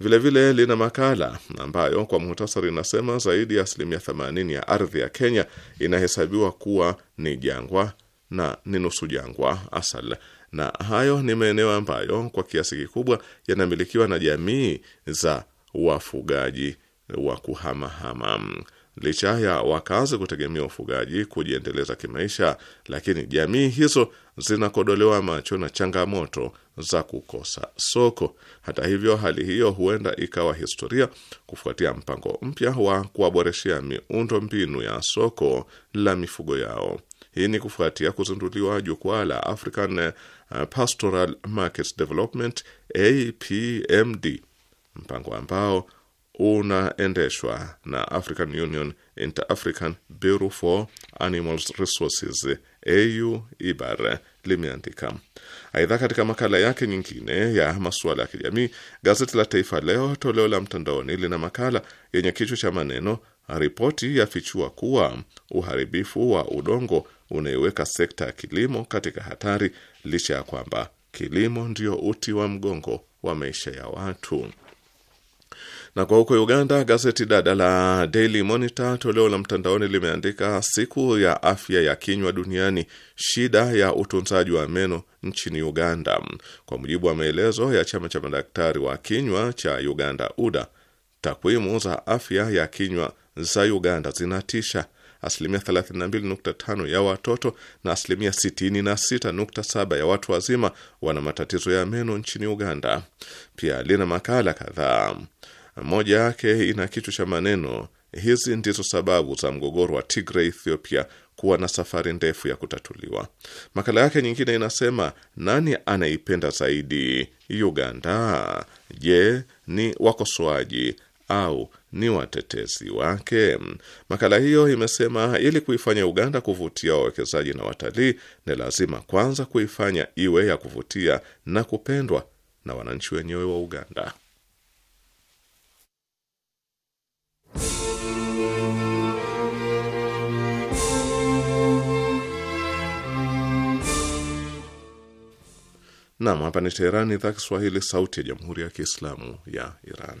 Vilevile vile lina makala ambayo kwa muhtasari inasema zaidi ya asilimia 80 ya ardhi ya Kenya inahesabiwa kuwa ni jangwa na ni nusu jangwa asal, na hayo ni maeneo ambayo kwa kiasi kikubwa yanamilikiwa na jamii za wafugaji wa kuhamahama. Licha ya wakazi kutegemea ufugaji kujiendeleza kimaisha, lakini jamii hizo zinakodolewa macho na changamoto za kukosa soko. Hata hivyo, hali hiyo huenda ikawa historia kufuatia mpango mpya wa kuwaboreshea miundo mbinu ya soko la mifugo yao. Hii ni kufuatia kuzinduliwa jukwaa la African eh, Pastoral Market Development APMD, mpango ambao unaendeshwa na African Union Inter-African Bureau for Animal Resources AU IBAR limeandika. Aidha, katika makala yake nyingine ya masuala ya kijamii, gazeti la Taifa Leo toleo la mtandaoni lina makala yenye kichwa cha maneno ripoti yafichua kuwa uharibifu wa udongo unaiweka sekta ya kilimo katika hatari, licha ya kwamba kilimo ndio uti wa mgongo wa maisha ya watu. Na kwa huko Uganda, gazeti dada la Daily Monitor toleo la mtandaoni limeandika siku ya afya ya kinywa duniani, shida ya utunzaji wa meno nchini Uganda. Kwa mujibu wa maelezo ya chama cha madaktari wa kinywa cha Uganda UDA, takwimu za afya ya kinywa za Uganda zinatisha asilimia 32.5 ya watoto na asilimia 66.7 ya watu wazima wana matatizo ya meno nchini Uganda. Pia lina makala kadhaa, moja yake ina kichwa cha maneno, hizi ndizo sababu za mgogoro wa Tigray Ethiopia kuwa na safari ndefu ya kutatuliwa. Makala yake nyingine inasema nani anaipenda zaidi Uganda? Je, ni wakosoaji au ni watetezi wake. Makala hiyo imesema ili kuifanya Uganda kuvutia wawekezaji na watalii ni lazima kwanza kuifanya iwe ya kuvutia na kupendwa na wananchi wenyewe wa Uganda. Nam, hapa ni Teherani, idhaa Kiswahili, sauti ya jamhuri ya kiislamu ya Iran.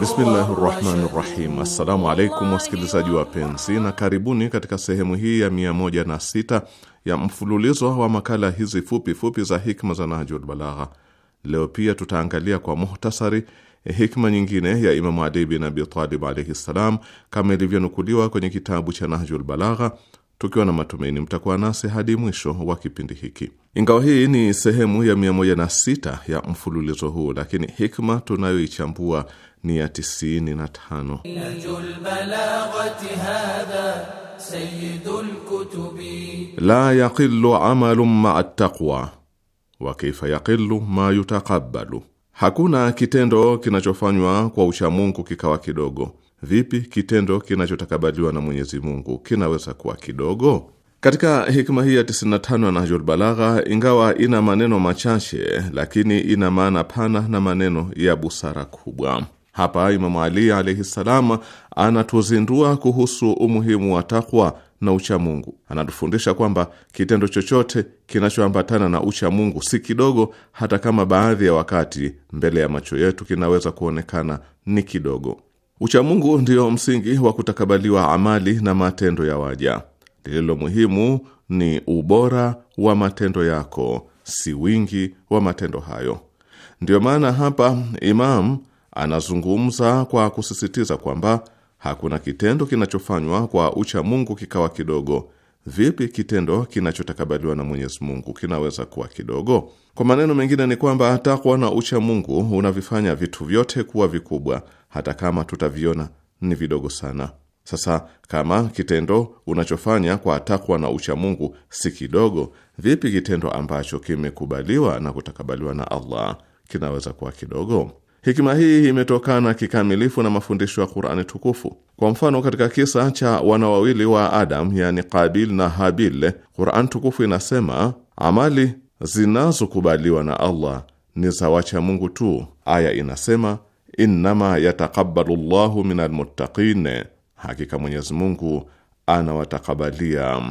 Bismillahi rahmani rahim. Assalamu alaikum wasikilizaji wapenzi, na karibuni katika sehemu hii ya 16 ya mfululizo wa makala hizi fupi fupi za hikma za Nahjul Balagha. Leo pia tutaangalia kwa muhtasari eh, hikma nyingine ya Imamu Ali bin Abi Talib alaihi ssalam, kama ilivyonukuliwa kwenye kitabu cha Nahjul Balagha, tukiwa na matumaini mtakuwa nasi hadi mwisho wa kipindi hiki. Ingawa hii ni sehemu ya 16 ya mfululizo huu, lakini hikma tunayoichambua ni ya tisini na tano. La yaqilu amalu maa taqwa wa kaifa yaqilu ma yutaqabbalu, hakuna kitendo kinachofanywa kwa uchamungu kikawa kidogo. Vipi kitendo kinachotakabaliwa na Mwenyezi Mungu kinaweza kuwa kidogo? Katika hikma hii ya 95 ya Nahjul Balagha, ingawa ina maneno machache, lakini ina maana pana na maneno ya busara kubwa. Hapa Imamu Ali alaihi ssalam anatuzindua kuhusu umuhimu wa takwa na uchamungu. Anatufundisha kwamba kitendo chochote kinachoambatana na uchamungu si kidogo, hata kama baadhi ya wakati mbele ya macho yetu kinaweza kuonekana ni kidogo. Uchamungu ndiyo msingi wa kutakabaliwa amali na matendo ya waja. Lililo muhimu ni ubora wa matendo yako, si wingi wa matendo hayo. Ndiyo maana hapa Imam anazungumza kwa kusisitiza kwamba hakuna kitendo kinachofanywa kwa ucha Mungu kikawa kidogo. Vipi kitendo kinachotakabaliwa na Mwenyezi Mungu kinaweza kuwa kidogo? Kwa maneno mengine ni kwamba takwa na ucha Mungu unavifanya vitu vyote kuwa vikubwa, hata kama tutaviona ni vidogo sana. Sasa kama kitendo unachofanya kwa takwa na ucha Mungu si kidogo, vipi kitendo ambacho kimekubaliwa na kutakabaliwa na Allah kinaweza kuwa kidogo? Hikima hii imetokana kikamilifu na mafundisho ya Qur'ani tukufu. Kwa mfano, katika kisa cha wana wawili wa Adam, yani Qabil na Habil, Qur'an tukufu inasema amali zinazokubaliwa na Allah ni za wacha Mungu tu. Aya inasema innama yataqabbalu llahu min muttaqin, hakika Mwenyezi Mungu anawatakabalia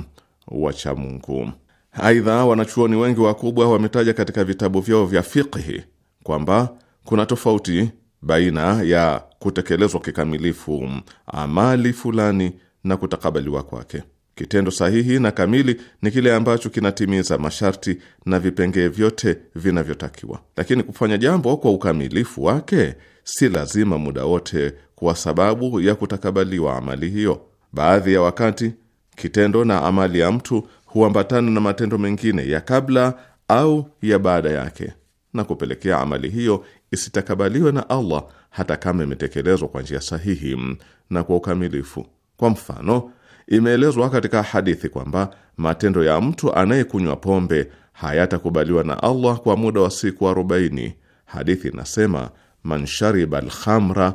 wacha Mungu. Aidha, wanachuoni wengi wakubwa wametaja katika vitabu vyao vya fiqhi kwamba kuna tofauti baina ya kutekelezwa kikamilifu amali fulani na kutakabaliwa kwake. Kitendo sahihi na kamili ni kile ambacho kinatimiza masharti na vipengee vyote vinavyotakiwa, lakini kufanya jambo kwa ukamilifu wake si lazima muda wote kwa sababu ya kutakabaliwa amali hiyo. Baadhi ya wakati kitendo na amali ya mtu huambatana na matendo mengine ya kabla au ya baada yake na kupelekea amali hiyo isitakabaliwe na Allah hata kama imetekelezwa kwa njia sahihi na kwa ukamilifu. Kwa mfano, imeelezwa katika hadithi kwamba matendo ya mtu anayekunywa pombe hayatakubaliwa na Allah kwa muda wa siku 40 Hadithi inasema man shariba alkhamra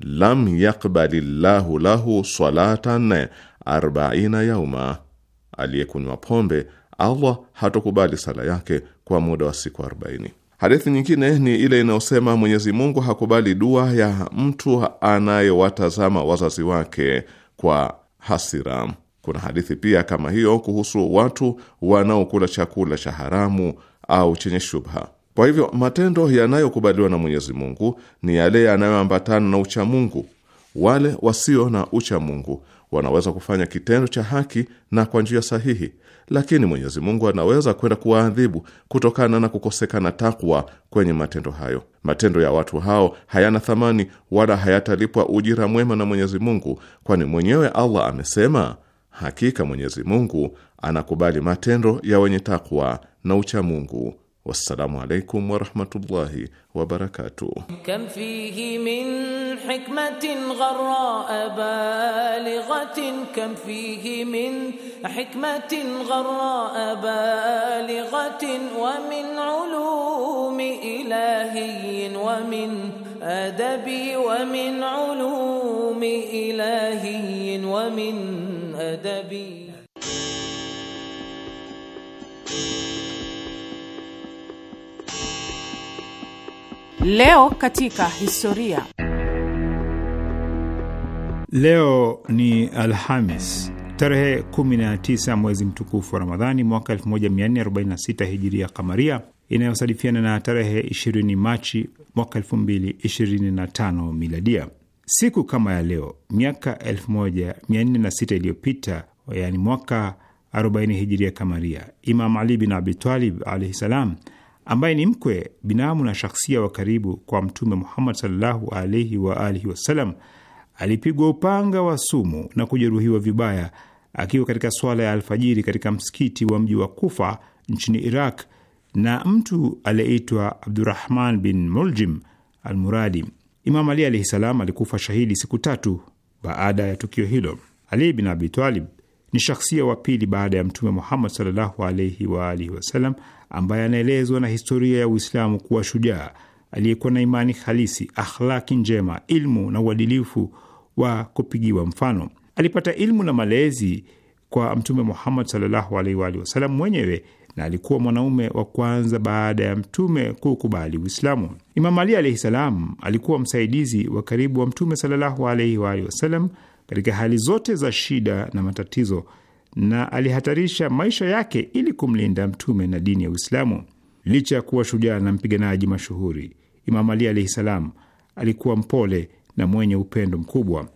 lam yaqbali llahu lahu salatan 4 yauma, aliyekunywa pombe Allah hatokubali sala yake kwa muda wa siku arobaini. Hadithi nyingine ni ile inayosema Mwenyezi Mungu hakubali dua ya mtu anayewatazama wazazi wake kwa hasira. Kuna hadithi pia kama hiyo kuhusu watu wanaokula chakula cha haramu au chenye shubha. Kwa hivyo matendo yanayokubaliwa na Mwenyezi Mungu ni yale yanayoambatana na uchamungu. Wale wasio na uchamungu wanaweza kufanya kitendo cha haki na kwa njia sahihi, lakini Mwenyezi Mungu anaweza kwenda kuwaadhibu kutokana na kukosekana takwa kwenye matendo hayo. Matendo ya watu hao hayana thamani wala hayatalipwa ujira mwema na Mwenyezi Mungu, kwani mwenyewe Allah amesema, hakika Mwenyezi Mungu anakubali matendo ya wenye takwa na uchamungu Wassalamu alaikum warahmatullahi wabarakatuh. Kam fihi min hikmatin gharra balighatin kam fihi min hikmatin gharra balighatin wa min ulumi ilahiyin wa min أدبي ومن علوم إلهي ومن أدبي Leo katika historia. Leo ni Alhamis tarehe 19 mwezi mtukufu wa Ramadhani mwaka 1446 hijiria kamaria inayosadifiana na tarehe 20 Machi mwaka 2025 miladia. Siku kama ya leo miaka 1406 iliyopita, yaani mwaka 40 hijiria kamaria, Imam Ali bin Abi Talib alaihi salam ambaye ni mkwe, binamu na shakhsia wa karibu kwa Mtume Muhammad sallallahu alaihi wa alihi wasalam, alipigwa upanga wa sumu na kujeruhiwa vibaya akiwa katika swala ya alfajiri katika msikiti wa mji wa Kufa nchini Iraq na mtu aliyeitwa Abdurahman bin Muljim Almuradi. Imam Ali alaihi salam alikufa shahidi siku tatu baada ya tukio hilo. Ali bin Abi Talib ni shakhsia wa pili baada ya Mtume Muhammad sallallahu alaihi wa alihi wasalam ambaye anaelezwa na historia ya Uislamu kuwa shujaa aliyekuwa na imani halisi, akhlaki njema, ilmu na uadilifu wa kupigiwa mfano. Alipata ilmu na malezi kwa Mtume Muhammad sallallahu alaihi wa alihi wasallam mwenyewe na alikuwa mwanaume wa kwanza baada ya mtume kukubali Uislamu. Imam Ali alaihi salam alikuwa msaidizi wa karibu wa mtume sallallahu alaihi wa alihi wasallam katika hali zote za shida na matatizo na alihatarisha maisha yake ili kumlinda mtume na dini ya Uislamu. Licha ya kuwa shujaa na mpiganaji mashuhuri, Imam Ali alaihi salam alikuwa mpole na mwenye upendo mkubwa.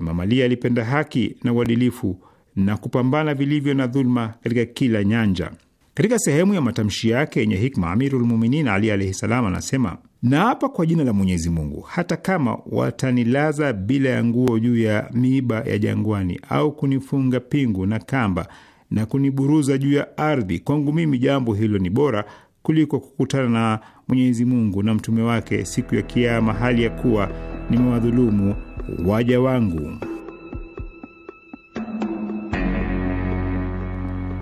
Imam Ali alipenda haki na uadilifu na kupambana vilivyo na dhuluma katika kila nyanja. Katika sehemu ya matamshi yake yenye hikma, Amirulmuminin Muminin Ali alaihi salam anasema Naapa kwa jina la Mwenyezi Mungu, hata kama watanilaza bila ya nguo juu ya miiba ya jangwani, au kunifunga pingu na kamba na kuniburuza juu ya ardhi, kwangu mimi jambo hilo ni bora kuliko kukutana na Mwenyezi Mungu na mtume wake siku ya Kiama, hali ya kuwa nimewadhulumu waja wangu.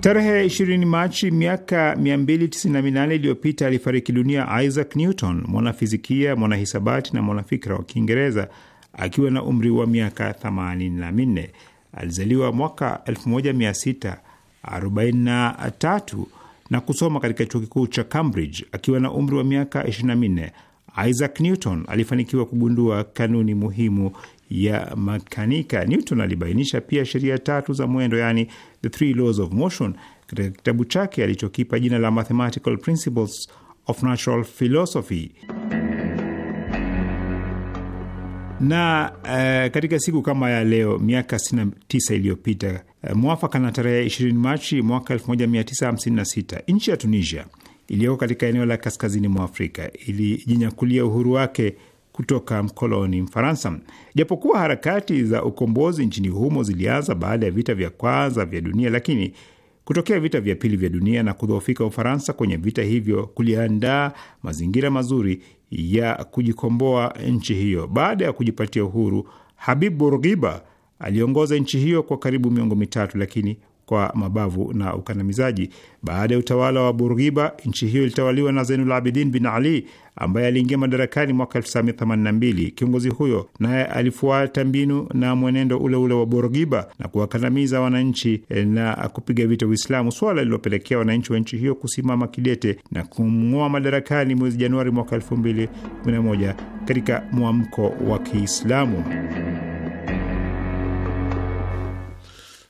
Tarehe 20 Machi miaka 298 iliyopita alifariki dunia Isaac Newton, mwanafizikia, mwanahisabati na mwanafikira wa Kiingereza akiwa na umri wa miaka 84. Alizaliwa mwaka 1643 na kusoma katika chuo kikuu cha Cambridge akiwa na umri wa miaka 24. Isaac Newton alifanikiwa kugundua kanuni muhimu ya makanika. Newton alibainisha pia sheria tatu za mwendo, yani the three laws of motion, katika kitabu chake alichokipa jina la Mathematical Principles of Natural Philosophy na uh, katika siku kama ya leo miaka 69 iliyopita uh, mwafaka na tarehe 20 Machi mwaka 1956 nchi ya Tunisia iliyoko katika eneo la kaskazini mwa Afrika ilijinyakulia uhuru wake kutoka mkoloni Mfaransa. Japokuwa harakati za ukombozi nchini humo zilianza baada ya vita vya kwanza vya dunia, lakini kutokea vita vya pili vya dunia na kudhoofika Ufaransa kwenye vita hivyo kuliandaa mazingira mazuri ya kujikomboa nchi hiyo. Baada ya kujipatia uhuru, Habib Bourguiba aliongoza nchi hiyo kwa karibu miongo mitatu, lakini kwa mabavu na ukandamizaji. Baada ya utawala wa Burgiba, nchi hiyo ilitawaliwa na Zainul Abidin bin Ali ambaye aliingia madarakani mwaka 1982. Kiongozi huyo naye alifuata mbinu na mwenendo ule ule wa Burgiba na kuwakandamiza wananchi eh, na kupiga vita Uislamu, swala lililopelekea wananchi wa nchi hiyo kusimama kidete na kumng'oa madarakani mwezi Januari mwaka 2011 katika mwamko wa Kiislamu.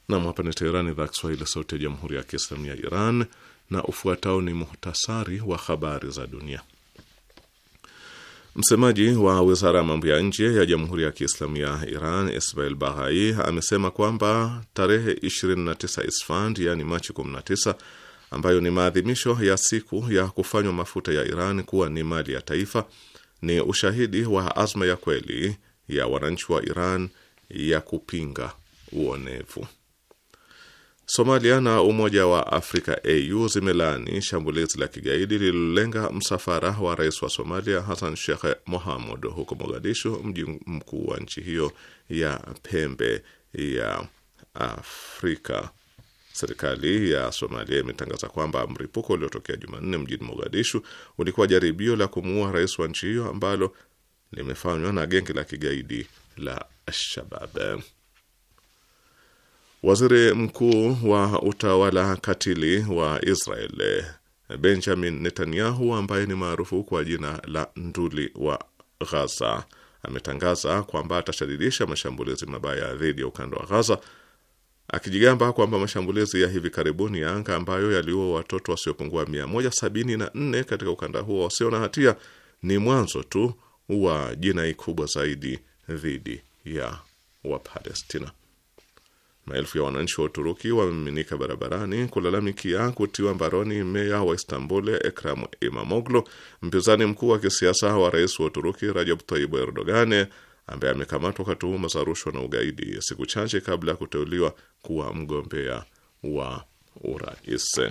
Nam, hapa ni Teherani, idhaa Kiswahili, sauti ya jamhuri ya kiislamu ya Iran. Na ufuatao ni muhtasari wa habari za dunia. Msemaji wa wizara ya mambo ya nje ya jamhuri ya kiislamu ya Iran, Ismail Bahai, amesema kwamba tarehe 29 Isfand, yaani Machi 19, ambayo ni maadhimisho ya siku ya kufanywa mafuta ya Iran kuwa ni mali ya taifa, ni ushahidi wa azma ya kweli ya wananchi wa Iran ya kupinga uonevu. Somalia na Umoja wa Afrika AU zimelaani shambulizi la kigaidi lililolenga msafara wa rais wa Somalia Hassan Sheikh Mohamud huko Mogadishu, mji mkuu wa nchi hiyo ya pembe ya Afrika. Serikali ya Somalia imetangaza kwamba mripuko uliotokea Jumanne mjini Mogadishu ulikuwa jaribio la kumuua rais wa nchi hiyo ambalo limefanywa na genge la kigaidi la Al-Shabab. Waziri mkuu wa utawala katili wa Israel Benjamin Netanyahu, ambaye ni maarufu kwa jina la nduli wa Ghaza, ametangaza kwamba atashadidisha mashambulizi mabaya dhidi ya ukanda wa Ghaza, akijigamba kwamba mashambulizi ya hivi karibuni ya anga ambayo yaliua watoto wasiopungua 174 katika ukanda huo wasio na hatia ni mwanzo tu wa jinai kubwa zaidi dhidi ya Wapalestina. Maelfu ya wananchi wa Uturuki wamemiminika barabarani kulalamikia kutiwa mbaroni meya wa Istanbul Ekrem Imamoglu, mpinzani mkuu wa kisiasa wa rais wa Uturuki Rajab Tayyip Erdogan, ambaye amekamatwa kwa tuhuma za rushwa na ugaidi siku chache kabla ya kuteuliwa kuwa mgombea wa urais.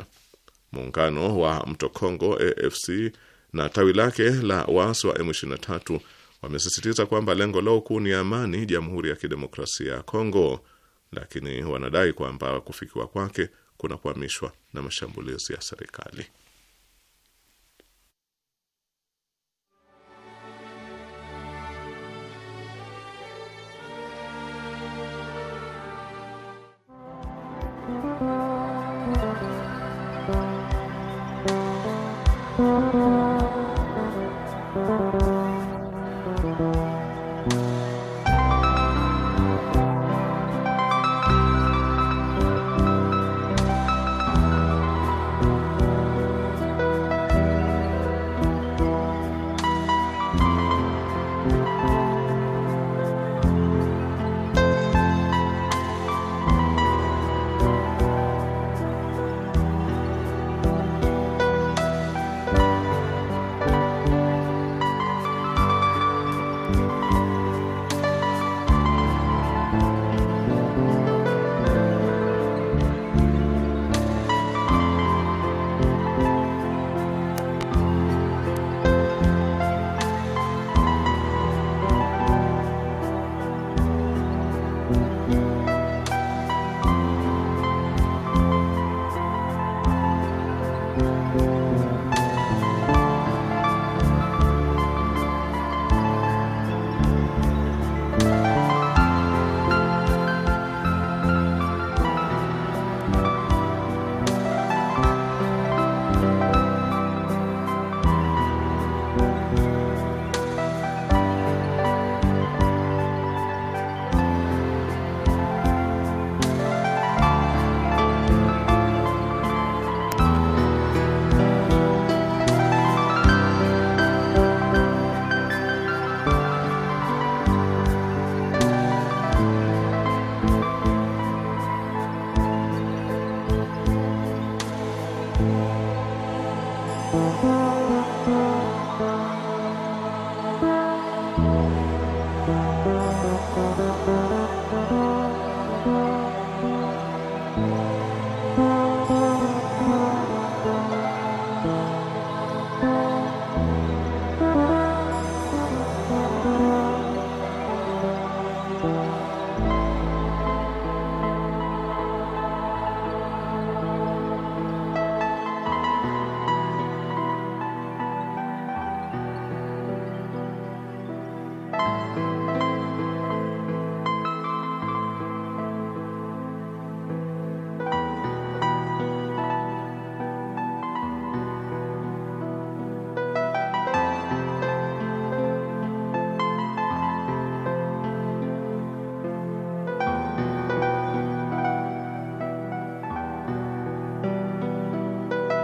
Muungano wa mto Kongo AFC na tawi lake la waasi wa M23 wamesisitiza kwamba lengo lao kuu ni amani Jamhuri ya Kidemokrasia ya Kongo lakini wanadai kwamba kufikiwa kwake kunakwamishwa na mashambulizi ya serikali.